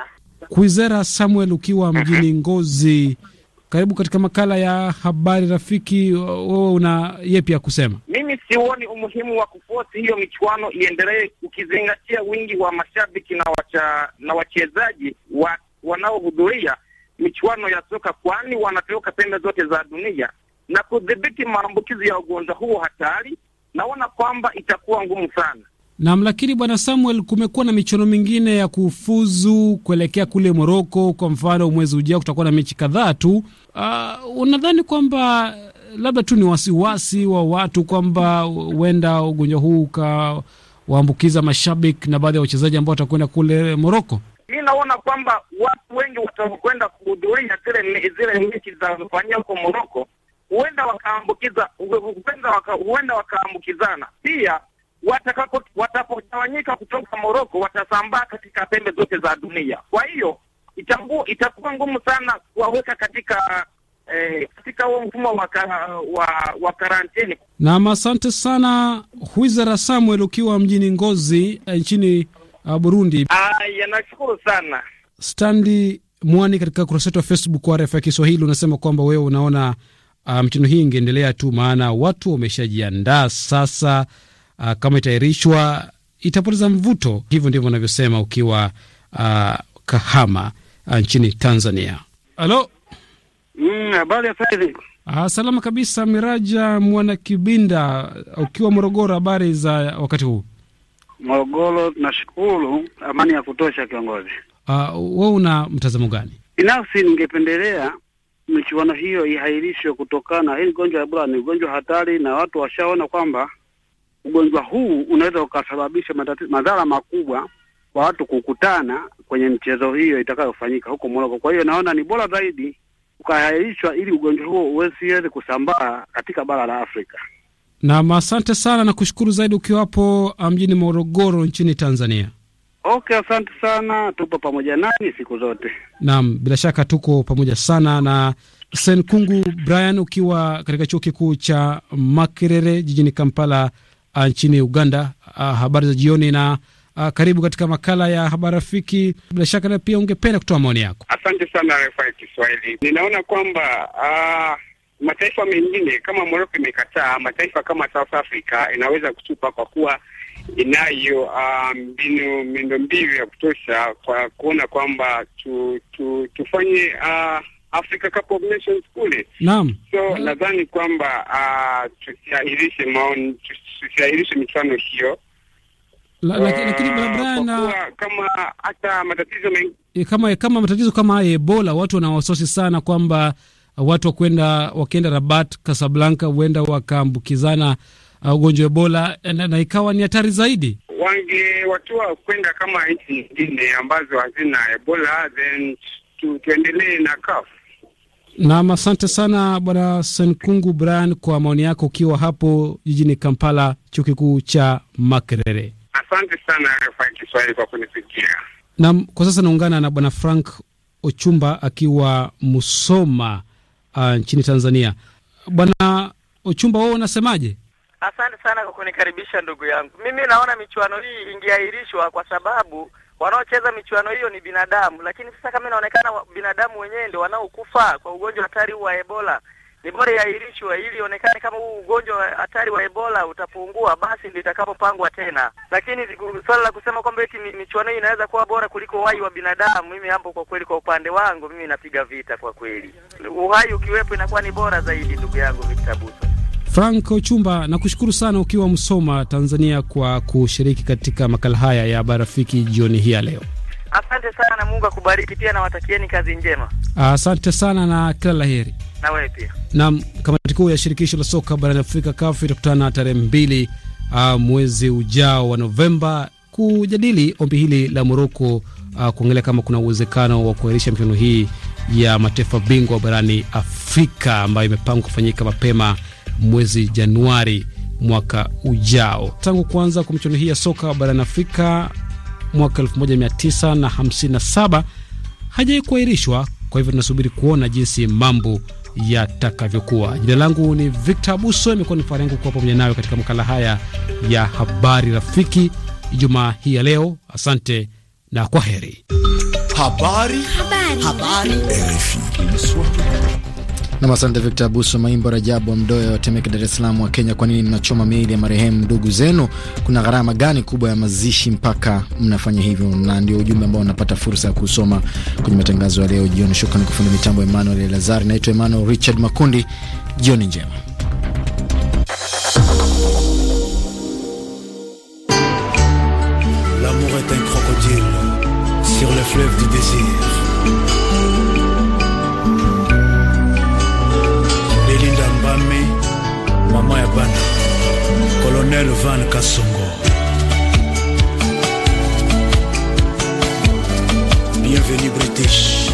Kuizera Samuel ukiwa mjini Ngozi karibu katika makala ya habari rafiki. Wewe una yepi ya kusema? Mimi sioni umuhimu wa kufosi hiyo michuano iendelee, ukizingatia wingi wa mashabiki na wacha, na wachezaji wa, wanaohudhuria michuano ya soka, kwani wanatoka pembe zote za dunia na kudhibiti maambukizi ya ugonjwa huo hatari, naona kwamba itakuwa ngumu sana. Naam, lakini bwana Samuel, kumekuwa na michuano mingine ya kufuzu kuelekea kule Moroko. Kwa mfano, mwezi ujao kutakuwa na mechi kadhaa tu Uh, unadhani kwamba eh, labda tu ni wasiwasi wa watu kwamba huenda ugonjwa huu ukawaambukiza mashabiki na baadhi ya wachezaji ambao watakwenda kule Moroko? Mi naona kwamba watu wengi watakwenda kuhudhuria zile zile mechi zinazofanyia huko Moroko, huenda wakaambukiza, huenda wakaambukizana pia watapotawanyika kutoka Moroko watasambaa katika pembe zote za dunia. Kwa hiyo itakuwa itakuwa ngumu sana kuwaweka katika eh, katika huo mfumo wa, wa, wa karantini. Naam, asante sana Huizara Samuel ukiwa mjini Ngozi eh, nchini uh, Burundi. Aya, ah, nashukuru sana Standi Mwani. Katika kurasa wetu ya Facebook wa RFI Kiswahili unasema kwamba wewe unaona uh, ah, mtino hii ingeendelea tu, maana watu wameshajiandaa sasa. Uh, kama itairishwa itapoteza mvuto. Hivyo ndivyo unavyosema ukiwa uh, Kahama. Uh, nchini Tanzania. Halo. Mm, habari ya saizi? Ah, salama kabisa. Miraja Mwana Kibinda ukiwa Morogoro, habari za wakati huu? Morogoro nashukuru, amani ya kutosha kiongozi. Ah, wewe una mtazamo gani? Binafsi ningependelea michuano hiyo ihairishwe kutokana, hii ugonjwa ya Ebola ni ugonjwa hatari, na watu washaona kwamba ugonjwa huu unaweza ukasababisha madhara makubwa kwa watu kukutana kwenye mchezo hiyo itakayofanyika huko Morocco. Kwa hiyo naona ni bora zaidi ukahairishwa ili ugonjwa huo usiweze kusambaa katika bara la Afrika. na asante sana na kushukuru zaidi ukiwa hapo ah, mjini Morogoro nchini Tanzania. Okay, asante sana, tupo pamoja nani siku zote. Naam, bila shaka tuko pamoja sana na Sen Kungu Brian, ukiwa katika chuo kikuu cha Makerere jijini Kampala ah, nchini Uganda. Ah, habari za jioni na Uh, karibu katika makala ya habari rafiki. Bila shaka na pia ungependa kutoa maoni yako. Asante sana RFI Kiswahili. Ninaona kwamba uh mataifa mengine kama moroko imekataa, mataifa kama South Africa inaweza kutupa kwa kuwa inayo ah, mbinu miundo mbiu ya kutosha kwa kuona kwamba tu, tu, tufanye uh, Africa Cup of Nations kule. Naam. So nadhani kwamba uh, tusiahirishe maoni, tusiahirishe michuano hiyo la, la, eh, lakini uh, barabara kama hata matatizo mengi eh, kama kama matatizo kama haya Ebola, watu wanawasosi sana kwamba watu wakwenda wakienda Rabat, Casablanca huenda wakaambukizana uh, ugonjwa uh, Ebola eh, na, na ikawa ni hatari zaidi. Wangewatua kwenda kama nchi nyingine ambazo hazina Ebola, then tuendelee na kaf Naam, asante sana Bwana Senkungu Brian kwa maoni yako, ukiwa hapo jijini Kampala, chuo kikuu cha Makerere. Asante sana RFI Kiswahili kwa kunifikia. Naam, kwa sasa naungana na bwana Frank Ochumba akiwa Musoma uh, nchini Tanzania. Bwana Ochumba, wewe unasemaje? Asante sana kwa kunikaribisha ndugu yangu. Mimi naona michuano hii ingeahirishwa kwa sababu wanaocheza michuano hiyo ni binadamu, lakini sasa kama inaonekana binadamu wenyewe ndio wanaokufa kwa ugonjwa hatari huu wa Ebola ni bora iahirishwe ili ionekane kama huu ugonjwa hatari wa Ebola utapungua, basi ndio itakapopangwa tena. Lakini swala la kusema kwamba eti michuano hii inaweza kuwa bora kuliko uhai wa binadamu, mimi hapo kwa kweli, kwa upande wangu mimi napiga vita kwa kweli. Uhai ukiwepo inakuwa ni bora zaidi, ndugu yangu Victor Buso. Franco Chumba, nakushukuru sana ukiwa Msoma, Tanzania, kwa kushiriki katika makala haya ya habari rafiki jioni hii ya leo. Asante sana, Mungu akubariki pia, nawatakieni kazi njema. Asante sana na kila laheri na wewe pia. Naam, kamati kuu ya shirikisho la soka barani Afrika CAF itakutana tarehe mbili uh, mwezi ujao wa Novemba kujadili ombi hili la Moroko uh, ah, kuangalia kama kuna uwezekano wa kuahirisha michuano hii ya mataifa bingwa barani Afrika ambayo imepangwa kufanyika mapema mwezi Januari mwaka ujao. Tangu kuanza kwa michuano hii ya soka barani Afrika mwaka 1957 hajawahi kuahirishwa. Kwa hivyo tunasubiri kuona jinsi mambo yatakavyokuwa. Jina langu ni Victor Abuso, imekuwa ni fahari yangu kuwa pamoja nayo katika makala haya ya habari rafiki Ijumaa hii ya leo. Asante na kwa heri. habari. Habari. Habari. Nam, asante Victor Abuso Maimbo, Rajabu Mdoe wa Temeke, Dar es Salaam wa Kenya. Kwa nini mnachoma miili ya marehemu ndugu zenu? Kuna gharama gani kubwa ya mazishi mpaka mnafanya hivyo? Na ndio ujumbe ambao unapata fursa ya kusoma kwenye matangazo ya leo jioni. Shukrani fundi mitambo Emmanuel Lazari. Naitwa Emmanuel Richard Makundi. Jioni njema. L'amour est un crocodile sur le fleuve du désir bana colonel van kasongo bienvenu british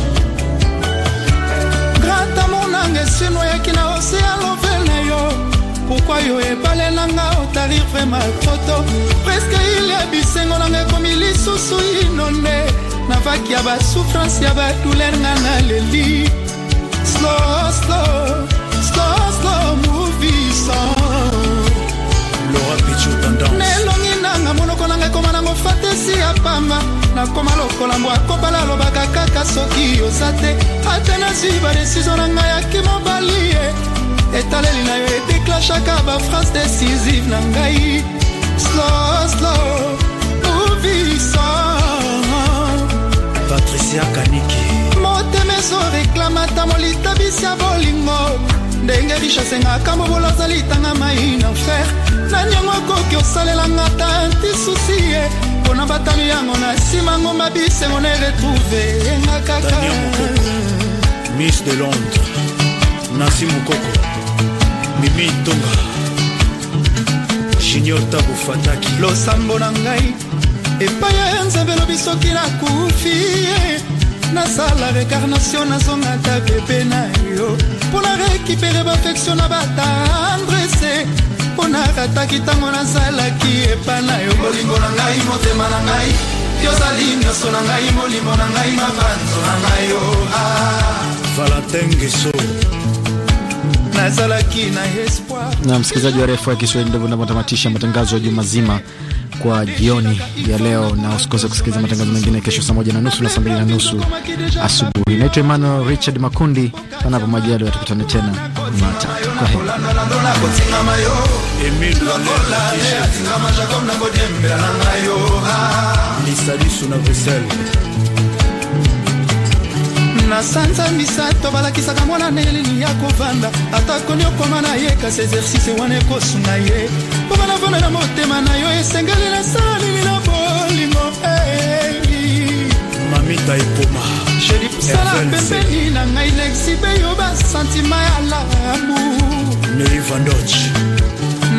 grata monanga esino yaki na osea lovel na yo pourkui yo ebale nanga otali vrema toto preske ile bisengo nanga ekomi lisusu inonde navaki ya basouffrance ya badouleur nga na leli slow slow slow slow movie song nelongi nanga monoko nanga ekoma nango fatesi ya pamba nakoma lokola mbw akobala alobaka kaka soki oza te ata nazwi badesizio na ngai yaki mobali ye etaleli na yo edeklashaka baphrase décisive na ngai sloslo patricia kaniki motema ezoreklamata molitabisi ya bolingo ndenge richese ngaka mobola ozali tanga mai na fer nani yango akoki osalelanga ta ntisusi ye mpo na batali yango na nsima ngomba bisengo na eretrouve yenga kaka miss de londres nansi mokoko mimi ntonga junior tabo fataki losambo na ngai epai ya nzambe elobi soki nakufi ye nasala recarnation nazonga ntake mpe na yo mpona rekipere bafektio na batandrese mpo narataki ntango nazalaki epa na yo bolingo na ngai motema na ngai yozali nyonso na ngai molimo na ngai mabanzo na ngai yo ah. valatengiso nazalaki na espoir na msikilizaji wa refu ya kiswahili ndivyo inavyotamatisha matangazo ya juma zima kwa jioni ya leo, na usikose kusikiliza matangazo mengine kesho saa moja na nusu na saa mbili na nusu asubuhi. Naitwa Emmanuel Richard Makundi, panapo majaliwa tukutane tena Jumatatu. Kwa heri na sanza misato balakisaka mwana na eleni ya kovanda atako liokoma na ye kasi exercice wana ekosunga ye mpo banavanda na motema na yo esengeli nasalini na bolingo eli mamita ekoma sala pembeni na ngai lexibe yo basantima ya labu meivandoc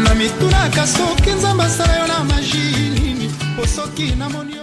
na mitunaka soki nzambe asala yo na magi nini po soki namoni